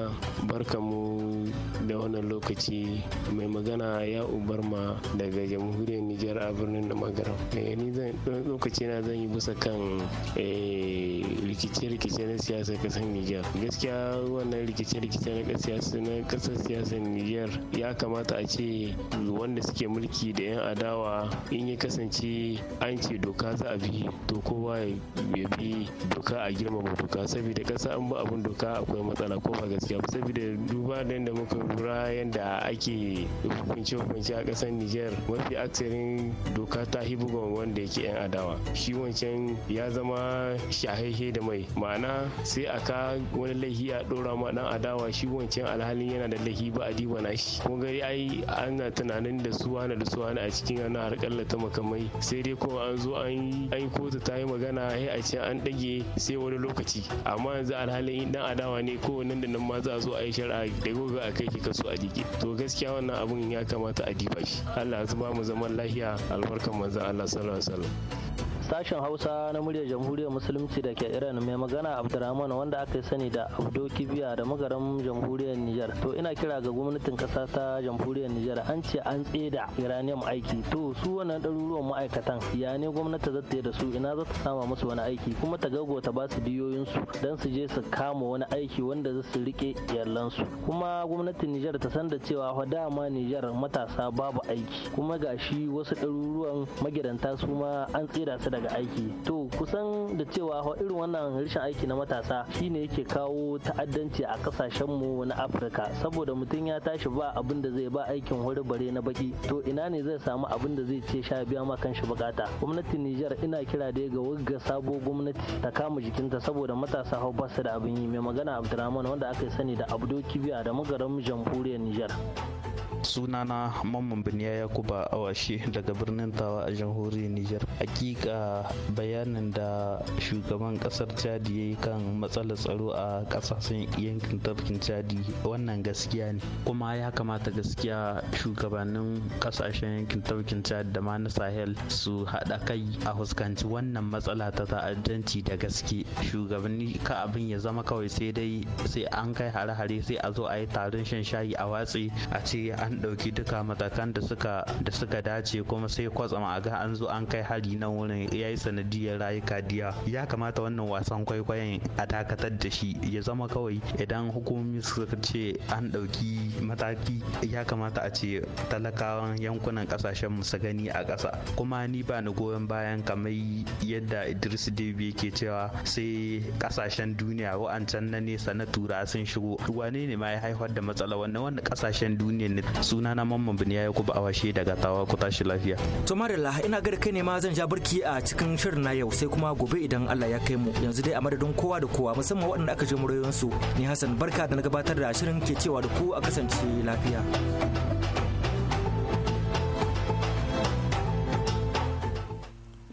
barkamu da wannan lokaci mai magana ya ubar ma daga jamhuriyar nijar a birnin da magaram eh, ni zan lokaci na zan yi bisa kan eh, rikice-rikice na siyasa kasar nijar gaskiya wannan rikice-rikice na kasar siyasar nijar ya kamata a ce wanda suke mulki da 'yan adawa in ya kasance an ce doka za a bi to kowa ya bi doka a girmama doka saboda kasa an ba abin doka akwai matsala ko ba gaskiya ba saboda duba da yadda muka lura yadda ake hukunce-hukunce a ƙasar Nijar mafi aksirin doka ta buga wanda yake 'yan adawa. Shi wancan ya zama shahaihe da mai ma'ana sai a ka wani laifi a ɗora ma ɗan adawa shi wancan alhalin yana da laifi ba a diba na shi. Kun gari ai ana tunanin da su da su a cikin ana harƙalla ta makamai sai dai kuma an zo an yi kotu ta yi magana sai a ce an ɗage sai wani lokaci amma yanzu alhalin ɗan adawa ne ko nan da nan ma za a zo a yi shari'a da gobe a kai kai kika so a dike to gaskiya wannan abun ya kamata a diba shi Allah ya ba mu zaman lafiya albarkan manzon Allah sallallahu alaihi wasallam Sashen Hausa na muryar Jamhuriyar Musulunci da ke Iran mai magana Abdurrahman wanda aka sani da Abdo Kibiya da magaran Jamhuriyar Nijar. To ina kira ga gwamnatin kasa ta Jamhuriyar Nijar an ce an tseda Iranium aiki. To su wannan ɗaruruwan ma'aikatan ya ne gwamnati za ta da su ina za ta sama musu wani aiki kuma ta gaggota ba su diyoyinsu don su je su kama wani aiki wanda za su rike yallansu. Kuma gwamnatin Nijar ta san da cewa fa dama Nijar matasa babu aiki kuma gashi wasu ɗaruruwan magidanta su ma an tseda su daga aiki to kusan da cewa irin wannan rashin aiki na matasa shine yake kawo ta'addanci a kasashen mu na afirka saboda mutum ya tashi ba abin da zai ba aikin wuri bare na baki to ina ne zai samu abin da zai ce sha biya ma kanshi bukata gwamnatin Nijar ina kira da ga wagga sabo gwamnati ta kama jikinta saboda matasa hau basu da abin yi mai magana Abdulrahman wanda aka sani da Abdo Kibiya da magaran jamhuriyar Nijar. sunana mamman biniya kuba awashi daga birnin tawa a jamhuriyar niger hakika bayanin da shugaban kasar chadi ya yi kan matsalar tsaro a kasashen yankin tafkin chadi wannan gaskiya ne kuma ya kamata gaskiya shugabannin kasashen yankin tafkin chadi da ma na sahel su haɗa kai a fuskanci wannan matsala ta ta'addanci da gaske shugabanni ka abin ya zama kawai sai dai sai an kai hare-hare sai a zo a yi taron shan shayi a watsi a ce an an ɗauki duka matakan da suka da suka dace kuma sai kwatsam a ga an zo an kai hari na wurin ya yi sanadiyar rayuka diya ya kamata wannan wasan kwaikwayon a dakatar da shi ya zama kawai idan hukumomi suka ce an ɗauki mataki ya kamata a ce talakawan yankunan ƙasashen mu su gani a ƙasa kuma ni ba ni goyon bayan kamar yadda idris dabi yake cewa sai ƙasashen duniya wa'ancan na nesa na tura sun shigo wane ne ma ya haifar da matsala wannan wanda ƙasashen duniya ne suna na mamman bin yayi kuba washe daga tawa ku tashi lafiya to marilla ina ga kai ne ma zan ja barki a cikin shirin na yau sai kuma gobe idan Allah ya kai mu yanzu dai a madadin kowa da kowa musamman waɗanda aka je murayoyin su ni Hassan barka da na gabatar da shirin ke cewa da ku a kasance lafiya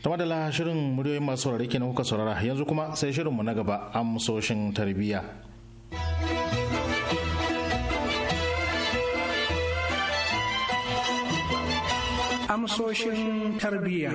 tama da shirin muryoyin masu saurare na kuka saurara yanzu kuma sai shirinmu na gaba amsoshin tarbiyya amsoshin tarbiyya.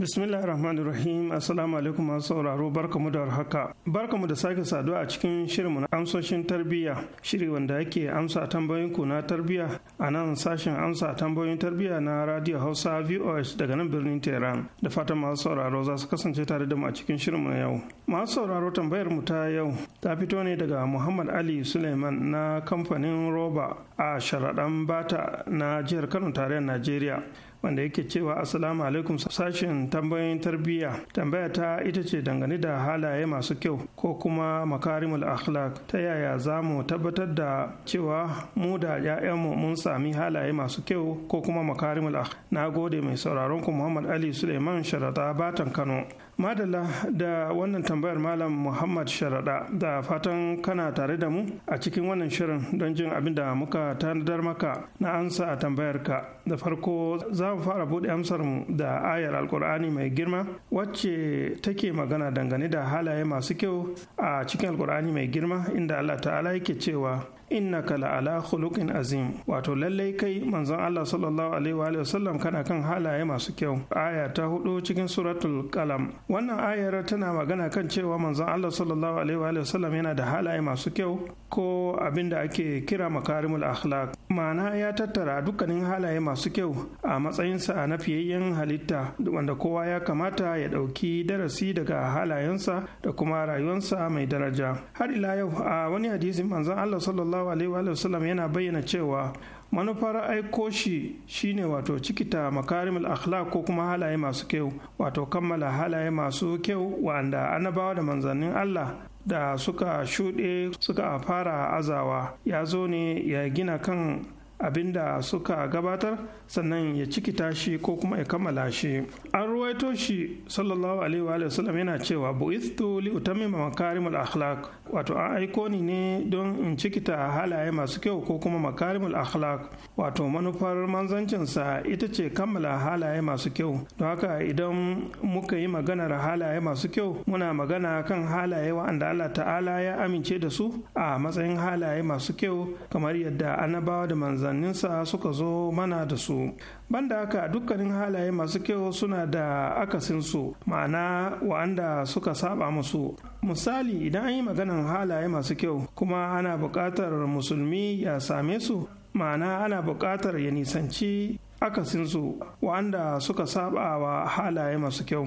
bismillahir rahim assalamu alaikum masu sauraro barkamu da warhaka barkamu da sake saduwa a cikin shirinmu na amsoshin tarbiyya shiri wanda yake amsa tambayoyin ku na tarbiyya a nan sashen amsa tambayoyin tarbiyya na radio hausa VOS daga nan birnin tehran da fatan masu sauraro za su kasance tare da mu a cikin shirinmu na yau masu sauraro tambayar mu ta yau ta fito ne daga muhammad ali suleiman na kamfanin roba a sharaɗan bata na jihar kano tarayyar najeriya wanda yake cewa assalamu alaikum sashen tambayoyin tarbiyya tambaya ta ita ce dangane da halaye masu kyau ko kuma makarimul akhlaq ta yaya za mu tabbatar da cewa mu da 'ya'yanmu mun sami halaye masu kyau ko kuma makarimul akhlaq na gode mai sauraron ku muhammad ali suleiman sharata batan kano madala da wannan tambayar malam muhammad sharaɗa da fatan kana tare da mu a cikin wannan shirin don jin abin da muka tanadar maka na ansa a tambayar ka da farko za mu fara buɗe amsar mu da ayar alkur'ani mai girma wacce take magana dangane da halaye masu kyau a cikin alkur'ani mai girma inda allah ta'ala yake cewa innaka la'ala khuluqin azim wato lallai kai manzon Allah sallallahu alaihi wa sallam kana kan halaye masu kyau aya ta hudu cikin suratul qalam wannan ayar tana magana kan cewa manzon Allah sallallahu alaihi wa sallam yana da halaye masu kyau ko abinda da ake kira makarimul akhlaq ma'ana ya tattara dukkanin halaye masu kyau a matsayinsa na fiyayyen halitta wanda kowa ya kamata ya dauki darasi daga halayensa da kuma rayuwarsa mai daraja har ila yau a wani hadisin manzon Allah sallallahu sallallahu alaihi sallam yana bayyana cewa manufar aiko shi shine wato cikita makarimul akhlaq ko kuma halaye masu kyau wato kammala halaye masu kyau wa'anda bawa da manzannin Allah da suka shuɗe suka fara azawa ya zo ne ya gina kan Abin da suka gabatar sannan ya cikita shi ko kuma ya kammala shi an ruwaito shi sallallahu alaihi wa sallam yana cewa bu'ithu li utammima makarimul akhlaq wato an aiko ni ne don in cikita halaye masu kyau ko kuma makarimul akhlaq wato manufar manzancin sa ita ce kammala halaye masu kyau don haka idan muka yi maganar halaye masu kyau muna magana kan halaye wa'anda Allah ta'ala ya amince da su a matsayin halaye masu kyau kamar yadda annabawa da manzan manzanninsa suka zo mana da su banda haka dukkanin halaye masu kyau suna da akasinsu ma'ana wa'anda suka saba musu misali idan an yi maganan halaye masu kyau kuma ana bukatar musulmi ya same su ma'ana ana bukatar ya nisanci akasinsu wa'anda suka saba wa halaye masu kyau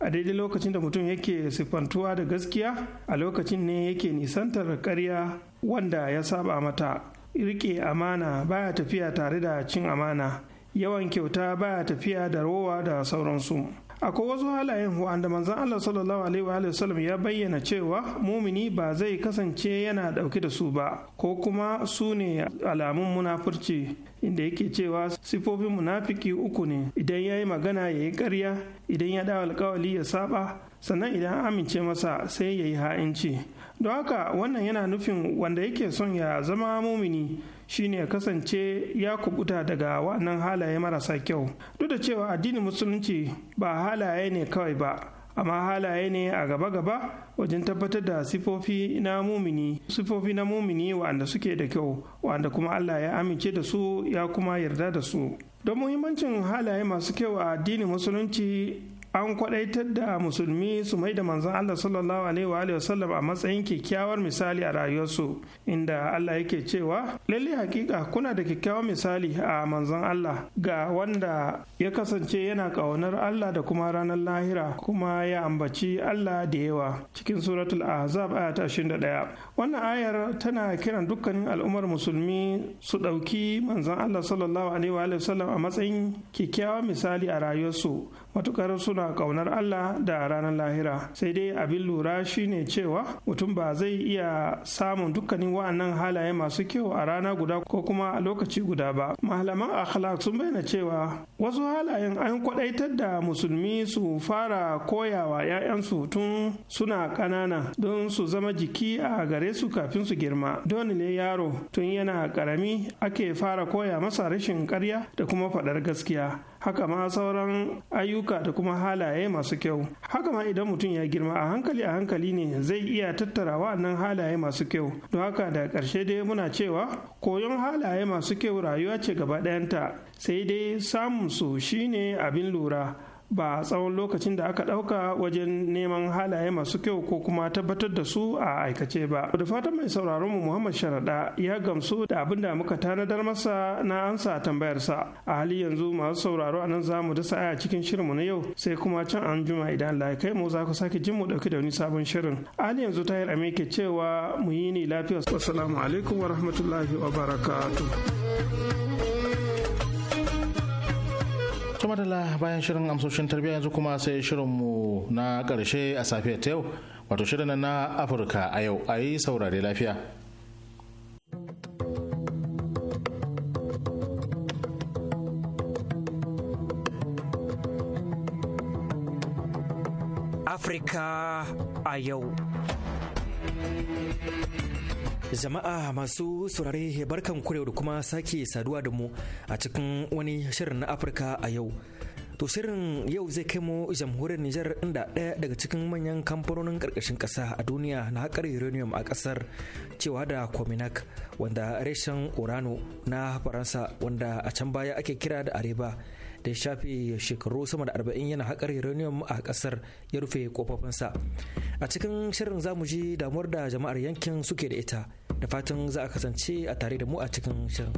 a daidai lokacin da mutum yake sifantuwa da gaskiya a lokacin ne yake nisantar karya wanda ya saba mata rike amana baya tafiya tare da cin amana yawan kyauta baya tafiya da rowa da sauransu akwai wasu halayen wanda manzon Allah sallallahu alaihi wa sallam ya bayyana cewa mumini ba zai kasance yana dauke da su ba ko kuma su ne alamun munafurci inda yake cewa sifofin munafiki uku ne idan ya yi magana ya yi karya idan ya dawo alkawali ya saba sannan idan amince masa sai ya yi ha'inci don haka wannan yana nufin wanda yake son ya zama mumini shine ya kasance ya kubuta daga wannan halaye marasa kyau duk da cewa addinin musulunci ba halaye ne kawai ba amma halaye ne a gaba-gaba wajen tabbatar da sifofi na mumini sifofi na mumini wa'anda suke da kyau wa'anda kuma allah ya amince da su ya kuma yarda da su don muhimmancin halaye masu kyau a addinin musulunci an kwadaitar da musulmi su mai da manzon Allah sallallahu alaihi wa sallam a matsayin kyakkyawar misali a rayuwarsu inda Allah yake cewa lalle hakika kuna da kyakkyawar misali a manzon Allah ga wanda ya kasance yana kaunar Allah da kuma ranar lahira kuma ya ambaci Allah da yawa cikin suratul ahzab aya ta 21 wannan ayar tana kiran dukkanin al'ummar musulmi su ɗauki manzon Allah sallallahu alaihi wa sallam a matsayin kyakkyawar misali a rayuwarsu matukar suna kaunar Allah da ranar lahira sai dai abin lura shine cewa mutum ba zai iya samun dukkanin wa'annan halaye masu kyau a rana guda ko kuma a lokaci guda ba malaman akhlaq sun bayyana cewa wasu halayen an kwadaitar da musulmi su fara koyawa 'ya'yansu tun suna ƙanana don su zama jiki a gare su kafin su girma dole ne yaro tun yana karami ake fara koya masa rashin ƙarya da kuma faɗar gaskiya haka ma sauran ayyuka da kuma halaye masu kyau haka ma idan mutum ya girma a hankali a hankali ne zai iya tattara wa'annan halaye masu kyau don haka da ƙarshe dai muna cewa koyon halaye masu kyau rayuwa ce gaba ɗayanta sai dai samun su shine abin lura ba a tsawon lokacin da aka ɗauka wajen neman halaye masu kyau ko kuma tabbatar da su a aikace ba. Da fatan mai sauraron mu Muhammad Sharaɗa ya gamsu da abin da muka tanadar masa na ansa tambayarsa. A hali yanzu masu sauraro a nan za mu dasa aya cikin shirinmu na yau sai kuma can an juma idan Allah ya kai mu za ku sake jin mu ɗauki da wani sabon shirin. A hali yanzu ta yi ke cewa mu yi ni lafiya. Assalamu alaikum wa rahmatullahi wa barakatuh. to madalla bayan shirin amsoshin tarbiyya yanzu kuma sai shirin mu na karshe a safiya ta yau wato shirin na afirka a yau a yi saurare lafiya Afirka a yau. Jama'a masu saurare barkan kurewa da kuma sake saduwa da mu a cikin wani shirin na Afirka a yau. To shirin yau zai kai mu jamhuriyar Nijar inda ɗaya daga cikin manyan kamfanonin ƙarƙashin ƙasa a duniya na haƙar uranium a ƙasar cewa da Cominac wanda reshen Urano na Faransa wanda a can baya ake kira da Areba da ya shafe shekaru sama da arba'in yana haƙar uranium a ƙasar ya rufe ƙofofinsa a cikin shirin zamu ji damuwar da jama'ar yankin suke da ita da fatan za a kasance a tare da mu a cikin shirin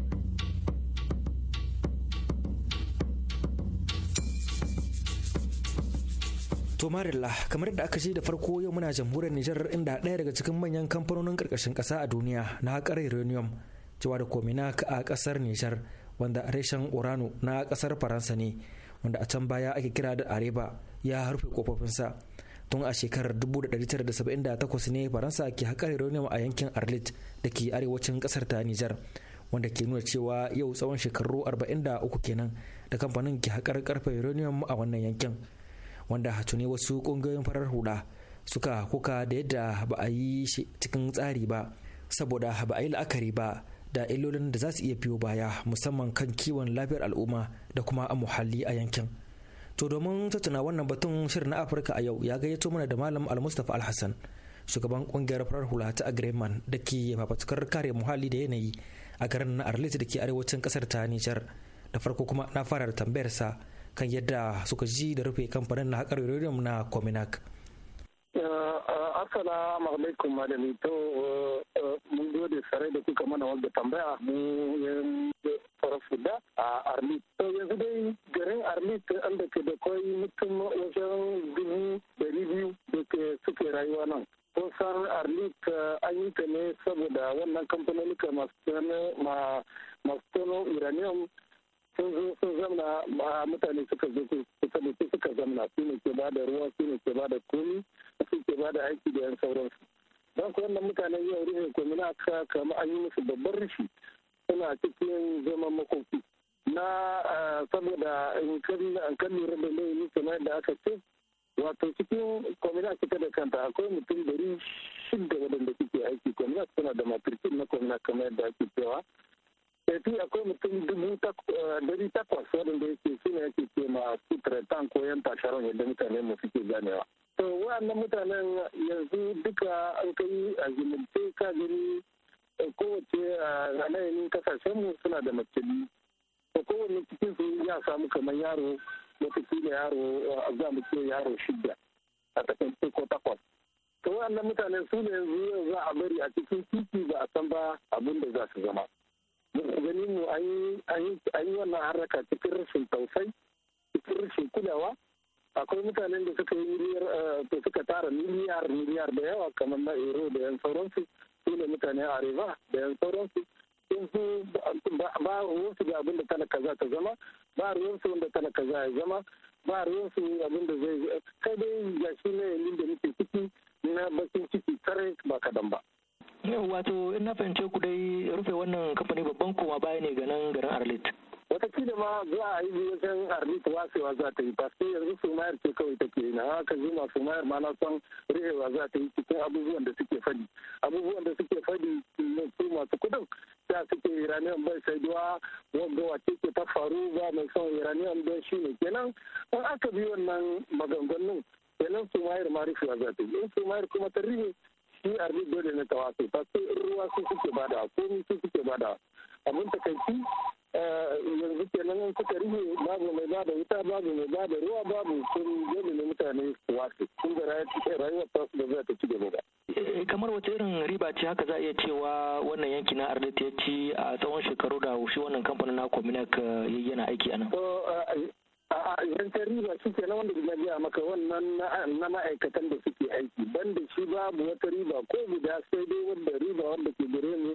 To Marilla, kamar da aka ce da farko yau muna jamhuriyar Nijar inda ɗaya daga cikin manyan kamfanonin ƙarƙashin ƙasa a duniya na haƙar uranium cewa da komina a ƙasar Nijar wanda reshen urano na kasar faransa ne wanda a can baya ake kira da areba ya harfe kofofinsa tun a shekarar 1978 ne faransa ke haƙar uranium a yankin arlit da ke arewacin kasar ta nijar wanda ke nuna cewa yau tsawon shekaru 43 kenan da kamfanin ke haƙar karfe uranium a wannan yankin wanda ne wasu ƙungiyoyin farar hula suka kuka da yadda ba a yi cikin tsari ba saboda ba a yi la'akari ba da illolin da za su iya biyo baya musamman kan kiwon lafiyar al'umma da kuma muhalli a yankin to domin tattuna wannan batun shirin na afirka a yau ya gayyato mana da malam almustafa alhassan shugaban kungiyar farar hula ta agreman da ke fafatukar kare muhalli da yanayi a garin na arlit da ke arewacin kasar ta nijar da farko kuma na fara tambayar sa kan yadda suka ji da rufe kamfanin na haƙar uranium na cominac Eh, eh, assalamu alaikum malami to eh, mun gode sarai da kuka mana wanda tambaya mu yan farafuda a Arlit. To yanzu dai garin Arlit an da ke da kwai mutum wajen dubu dari biyu da suke rayuwa nan. Kusan Arlit an yi ta ne saboda wannan kamfanonika masu tono uranium sun zo sun zamna mutane suka zo su da su suka zamna su ne ke bada ruwa su ne ke bada komi su ke bada aiki da yan sauransu don ku wannan mutane yau rufe komina aka kama an yi musu babban rufi suna cikin zaman makoki na saboda in kan lura da nisa na yadda aka ce wato cikin kwamina cika da kanta akwai mutum dari shidda waɗanda suke aiki kwamina suna da matirkin na kwamina kamar yadda ake cewa Yafi akwai mutum dubu eh, dari takwas wadanda yake suna yake ce ma sutretan ko yan tasharon yadda mutane mu suke ganewa. To waɗannan mutanen yanzu duka an kai a zumunce ka gani eh, kowace ranayin eh, kasashen mu suna da mace da kowane cikin su ya samu kamar yaro watakila yaro a za mu ce yaro shida a takaice ko takwas to waɗannan mutanen su ne yanzu za a bari a cikin titi ba a san ba abin da za su zama ganin mu an yi wannan haraka cikin rashin tausayi cikin rashin kulawa akwai mutanen da suka yi da eh, suka tara miliyar miliyar da yawa kamar na ero da yan sauransu su ne mutane arewa da yan sauransu sun su ba ruwansu da abin da talaka za ta zama ba a su wanda talaka za ya zama ba a ruwansu abin da zai eh, kai dai shi na yanzu da muke ciki na bakin ciki tare ba kadan ba. yau wato ina fahimce ku dai rufe wannan kamfani babban koma baya ne ga nan garin arlit watakila ma za a yi wajen arlit wasewa za ta yi paske yanzu su mayar ce kawai take na haka zuma su mayar ma na son rihewa za ta yi cikin abubuwan da suke fadi abubuwan da suke fadi su masu kudin da suke iranian bai saiduwa wanda wace ke ta faru ba mai son iranian bai shi ne kenan an aka bi wannan maganganun kenan su ma rufewa za ta yi in su kuma ta rihe shi arbi dole na ta wasu ta sai ruwa su suke bada ni su suke bada abin takaici eh, yanzu nan an suka rige babu mai bada wuta babu mai bada ruwa babu sun dole ne mutane su wasu sun ga rayuwar ta da zai ta ci gaba ba. Eh, kamar wace irin riba ce haka za a iya cewa wannan yanki na arlit ya ci a tsawon shekaru da shi wannan kamfanin na kominak eh, yana aiki a nan. a zance riba shi ke na wanda ya gaya maka wannan na ma'aikatan da suke aiki ban da shi babu wata riba ko guda sai dai wanda riba wanda ke gare mu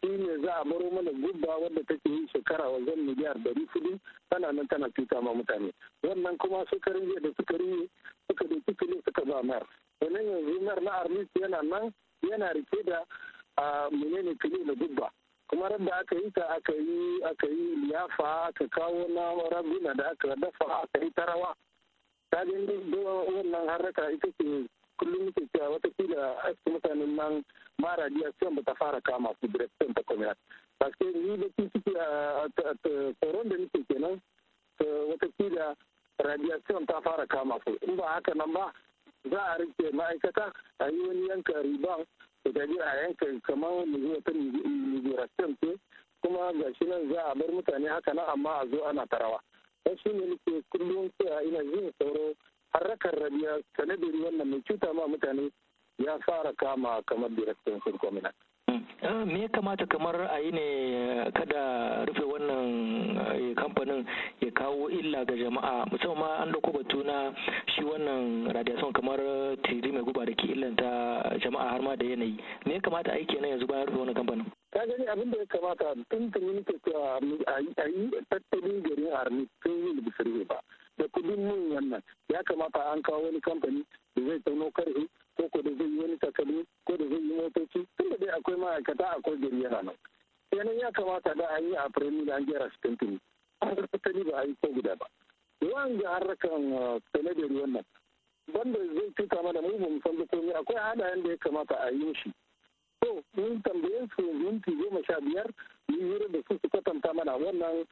shi ne za a baro mana gubba wanda take yi shekara wajen miliyar dari kudu tana nan tana cuta ma mutane wannan kuma shekarun jiya da riye suka da kilo suka ba mayar wannan yanzu mayar na armis yana nan yana rike da a ah, menene kilo na guba. kuma da aka yi ta aka yi aka yi liyafa aka kawo na rabina da aka dafa aka yi tarawa ta gani da wannan haraka ita ce kullum ke cewa watakila aiki mutanen nan mara diya sai ba ta fara kama su direktin ta kwamiyar paske ni da ciki a tsoron da nake kenan watakila radiation ta fara kama su in ba haka nan ba za a rike ma'aikata a yi wani yanka riban gaji a yanka kamar mu ta liberation ce kuma ga shi nan za a bar mutane haka nan amma a zo ana tarawa dan shi ne nake kullum cewa ina jin sauro harrakar rabiya sanadiri wannan mai cuta ma mutane ya fara kama kamar direction sun kwamina Eh, me ya kamata kamar a yi ne eh, kada rufe wannan eh, kamfanin ya kawo illa ga jama'a musamman an dauko batu na shi wannan radiation kamar tiri mai guba da ke illanta jama'a har ma da yanayi me ya kamata a yi kenan yanzu bayan rufe wannan kamfanin ka gani abin da ya kamata tun da wani cewa a yi tattalin gari a arni tun yi da ba da kudin yin wannan ya kamata an kawo wani kamfani da zai tauno karfi ko ko da zai yi wani takalmi ko da zai yi motoci tun da dai akwai ma'aikata akwai gari yana nan kenan ya kamata da an yi a firimi da an gyara su tuntuni an tattali ba a yi ko guda ba yawan ga harkan uh, tale da ruwan nan banda zai tuta mana mu ba mu san komai akwai hadayen da ya kamata a yi shi to mun tambaye su minti goma sha biyar mun yi da su su kwatanta mana wannan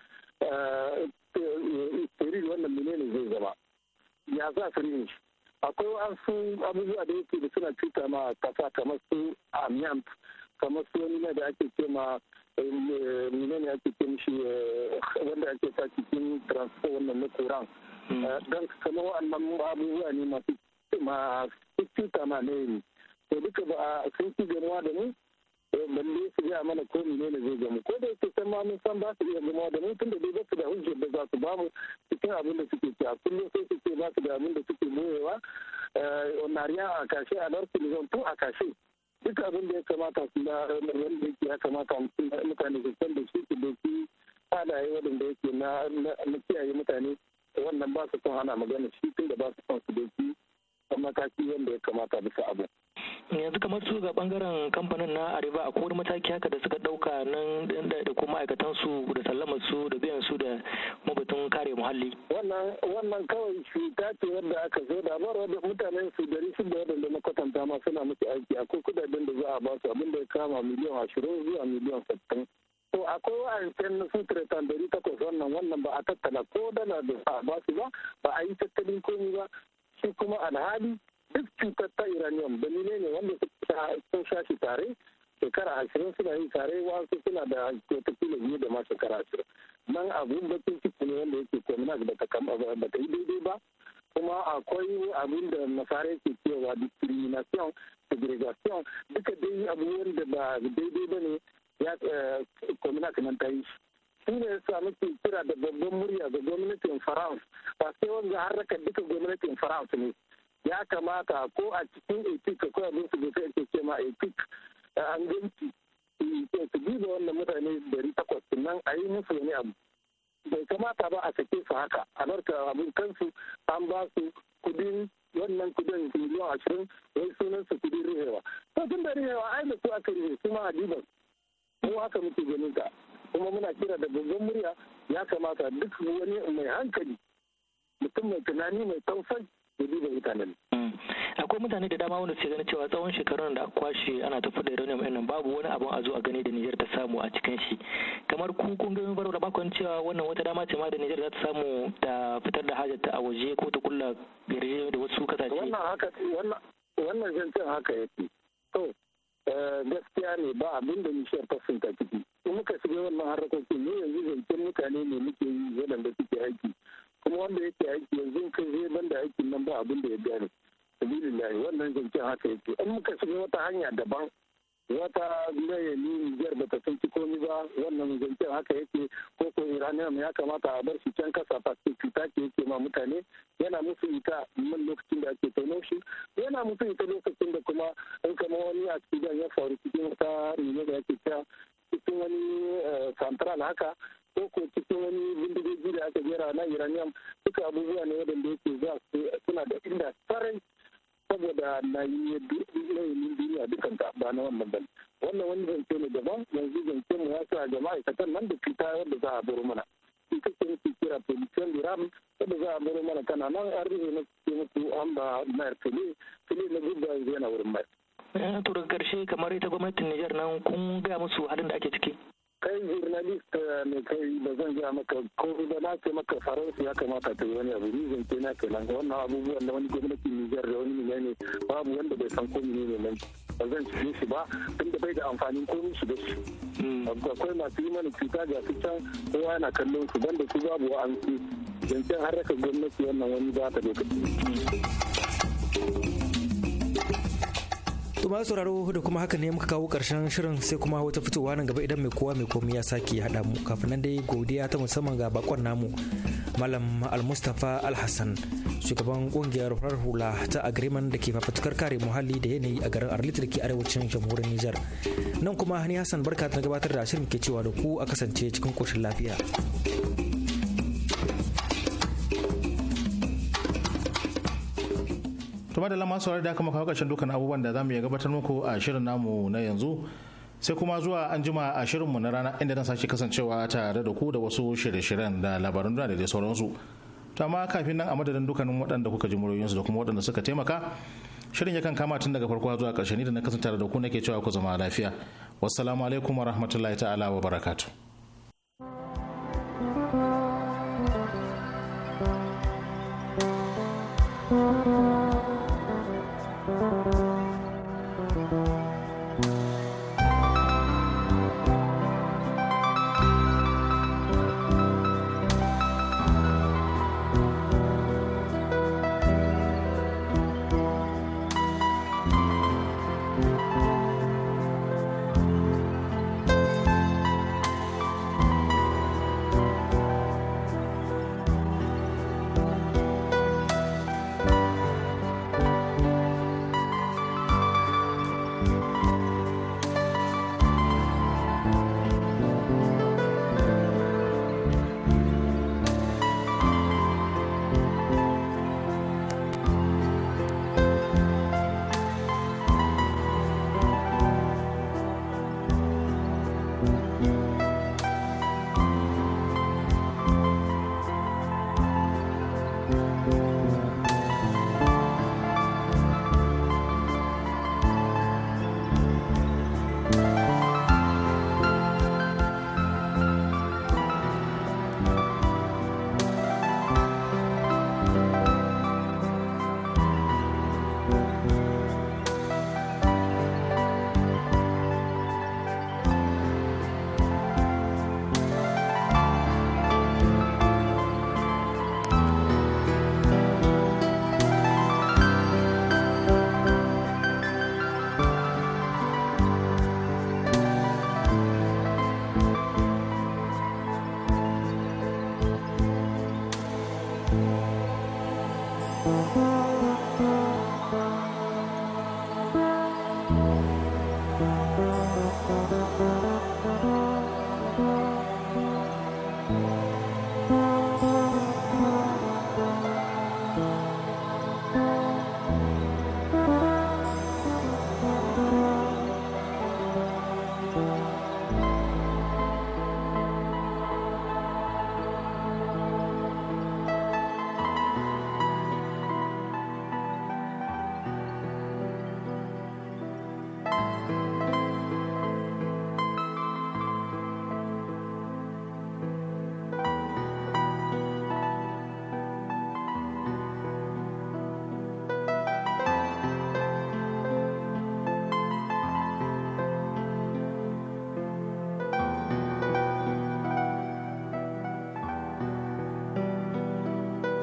teri uh, uh, wannan menene zai zama ya za su rin shi akwai wasu abubuwa da yake da suna cuta ma kasa kamar su amiant kamar su wani da ake ce ma eh, menene ake ce mishi eh, wanda ake sa cikin transport wannan na kuran hmm. eh, don kamar wa'annan abubuwa ne masu cuta ma ne to duka ba sun ci gamuwa da ne. Eh, balle su gaya mana ko ne ne zai gamu ko da yake san ma mun san ba su iya zama da mun tunda dai ba su da hujjar da za su ba mu cikin abin da suke ci a kullum sai su ce ba su da abin da suke moyewa eh, onariya a kashe a narku ne tun a kashe duk abin da ya kamata su eh, da wani da ya kamata mutane su san da shi su doki halaye waɗanda yake na kiyaye mutane wannan ba su son ana magana shi tun da ba su son su shi. ɗaukan mataki wanda ya kamata bisa abu. yanzu kamar su ga bangaren kamfanin na arewa a kowane mataki haka da suka ɗauka nan da ko ma'aikatan su da sallamar su da biyan su da mabatun kare muhalli wannan wannan kawai cuta ce wanda aka zo da bar wanda mutanen su gari su da wadanda na kwatanta ma suna musu aiki akwai kudaden da za a ba abin da ya kama miliyan ashirin zuwa miliyan sittin to akwai wa'ancan na sutura dari takwas wannan wannan ba a tattala ko dala da ba su ba ba a yi tattalin komi ba shi kuma alhali duk cutar ta iranium dalilai ne wanda sun sha shi tare shekara ashirin suna yi tare wasu suna da watakila biyu da ma shekara ashirin nan abin bakin ciki ne wanda yake kominak da ta yi daidai ba kuma akwai abin da nasara yake cewa discrimination segregation duka dai abu da ba daidai ba ne ya kominak eh, nan ta yi shi shi ne yasa muke kira da babban murya ga gwamnatin france ba sai wanda raka duka gwamnatin france ne ya kamata ko a cikin epic ko a su da ake ce ma epic an ganci su da wannan mutane dari takwas nan a yi musu wani abu bai kamata ba a sake su haka a barka abin kansu an ba su kudin wannan kudin miliyan ashirin wai sunan su kudin rihewa to tun da rihewa ai da su aka rihe ma a diban ko haka muke ganin ka kuma muna kira da gungun murya ya kamata duk wani mai hankali mutum mai tunani mai tausayi ya duba mutanen. Hmm. akwai mutane da dama wanda suke ganin cewa tsawon shekarun da aka kwashe ana tafi da irin nan babu wani abun a zo a gani da Nijar ta samu a cikin shi kamar kun kun ga bar da bakon cewa wannan wata dama ce ma da Nijar za ta samu ta fitar da hajarta a waje ko ta kulla gare da wasu kasashe wannan haka wannan wannan zancen haka yake to eh, gaskiya ne ba abin da Nijar ta sunta ciki in muka shiga wannan harkokin ne yanzu zancen mutane ne muke yi waɗanda suke aiki kuma wanda yake aiki yanzu kai zai banda aikin nan ba abin da ya gane alhamdulillah wannan zancen haka yake in muka shiga wata hanya daban wata mai Nijar ba ta san komi ba wannan zancen haka yake ko ko Iranian ya kamata a bar shi can kasa fasti cuta ke yake ma mutane yana musu ita mun lokacin da ake tono shi yana musu ita lokacin da kuma in kama wani cikin ya faru cikin wata rime da ake ta cikin wani eh, central haka ko ko cikin wani bindigogi da aka jera na iranium duka abubuwa ne waɗanda yake za suna da inda sarai saboda na yi duniya dukan ta ba na wannan bane wannan wani zance ne daban yanzu zance mu ya sa ga ma'aikatan nan da fita yadda za a baro mana ita ce muke kira pollution ram yadda za a baro mana kana nan arziki na suke muku an ba mayar fili fili na zuba yanzu yana wurin mayar Eh, to karshe kamar ita gwamnatin Nijar nan kun gaya musu halin da ake ciki kai jurnalist ne eh, kai ba zan gaya maka ko da na ce maka faransa ya kamata ta yi wani abu ni ce na kenan ga wannan abubuwan da wani gwamnati Nijar da wani ne babu wanda bai san komi ne nan ba zan ci shi ba tun da bai da amfanin komi su da shi hmm. akwai masu yi mana cuta ga su can kowa yana kallon su banda su babu wa'ansu zancen harkar gwamnati wannan wani za ta lokaci To masu sauraro da kuma haka ne muka kawo karshen shirin sai kuma wata fitowa nan gaba idan mai kowa mai komai ya sake haɗa mu kafin nan dai godiya ta musamman ga bakon namu Malam Al-Mustafa Al-Hassan shugaban kungiyar farar hula ta agreement da ke fafatukar kare muhalli da yanayi a garin Arlit da ke arewacin jamhuriyar Nijar. Nan kuma Hani Hassan barka ta gabatar da shirin ke cewa da ku a kasance cikin koshin lafiya. to ba da lamar saurari da aka maka lokacin dukkan abubuwan da zamu iya gabatar muku a shirin namu na yanzu sai kuma zuwa an jima a shirinmu na rana inda zan sake kasancewa tare da ku da wasu shirye-shiryen da labarun duniya da dai sauransu to amma kafin nan a madadin dukkanin waɗanda kuka ji su da kuma waɗanda suka taimaka shirin yakan kama tun daga farko zuwa ƙarshe ni da na kasance da ku nake cewa ku zama lafiya wassalamu alaikum wa rahmatullahi ta'ala wa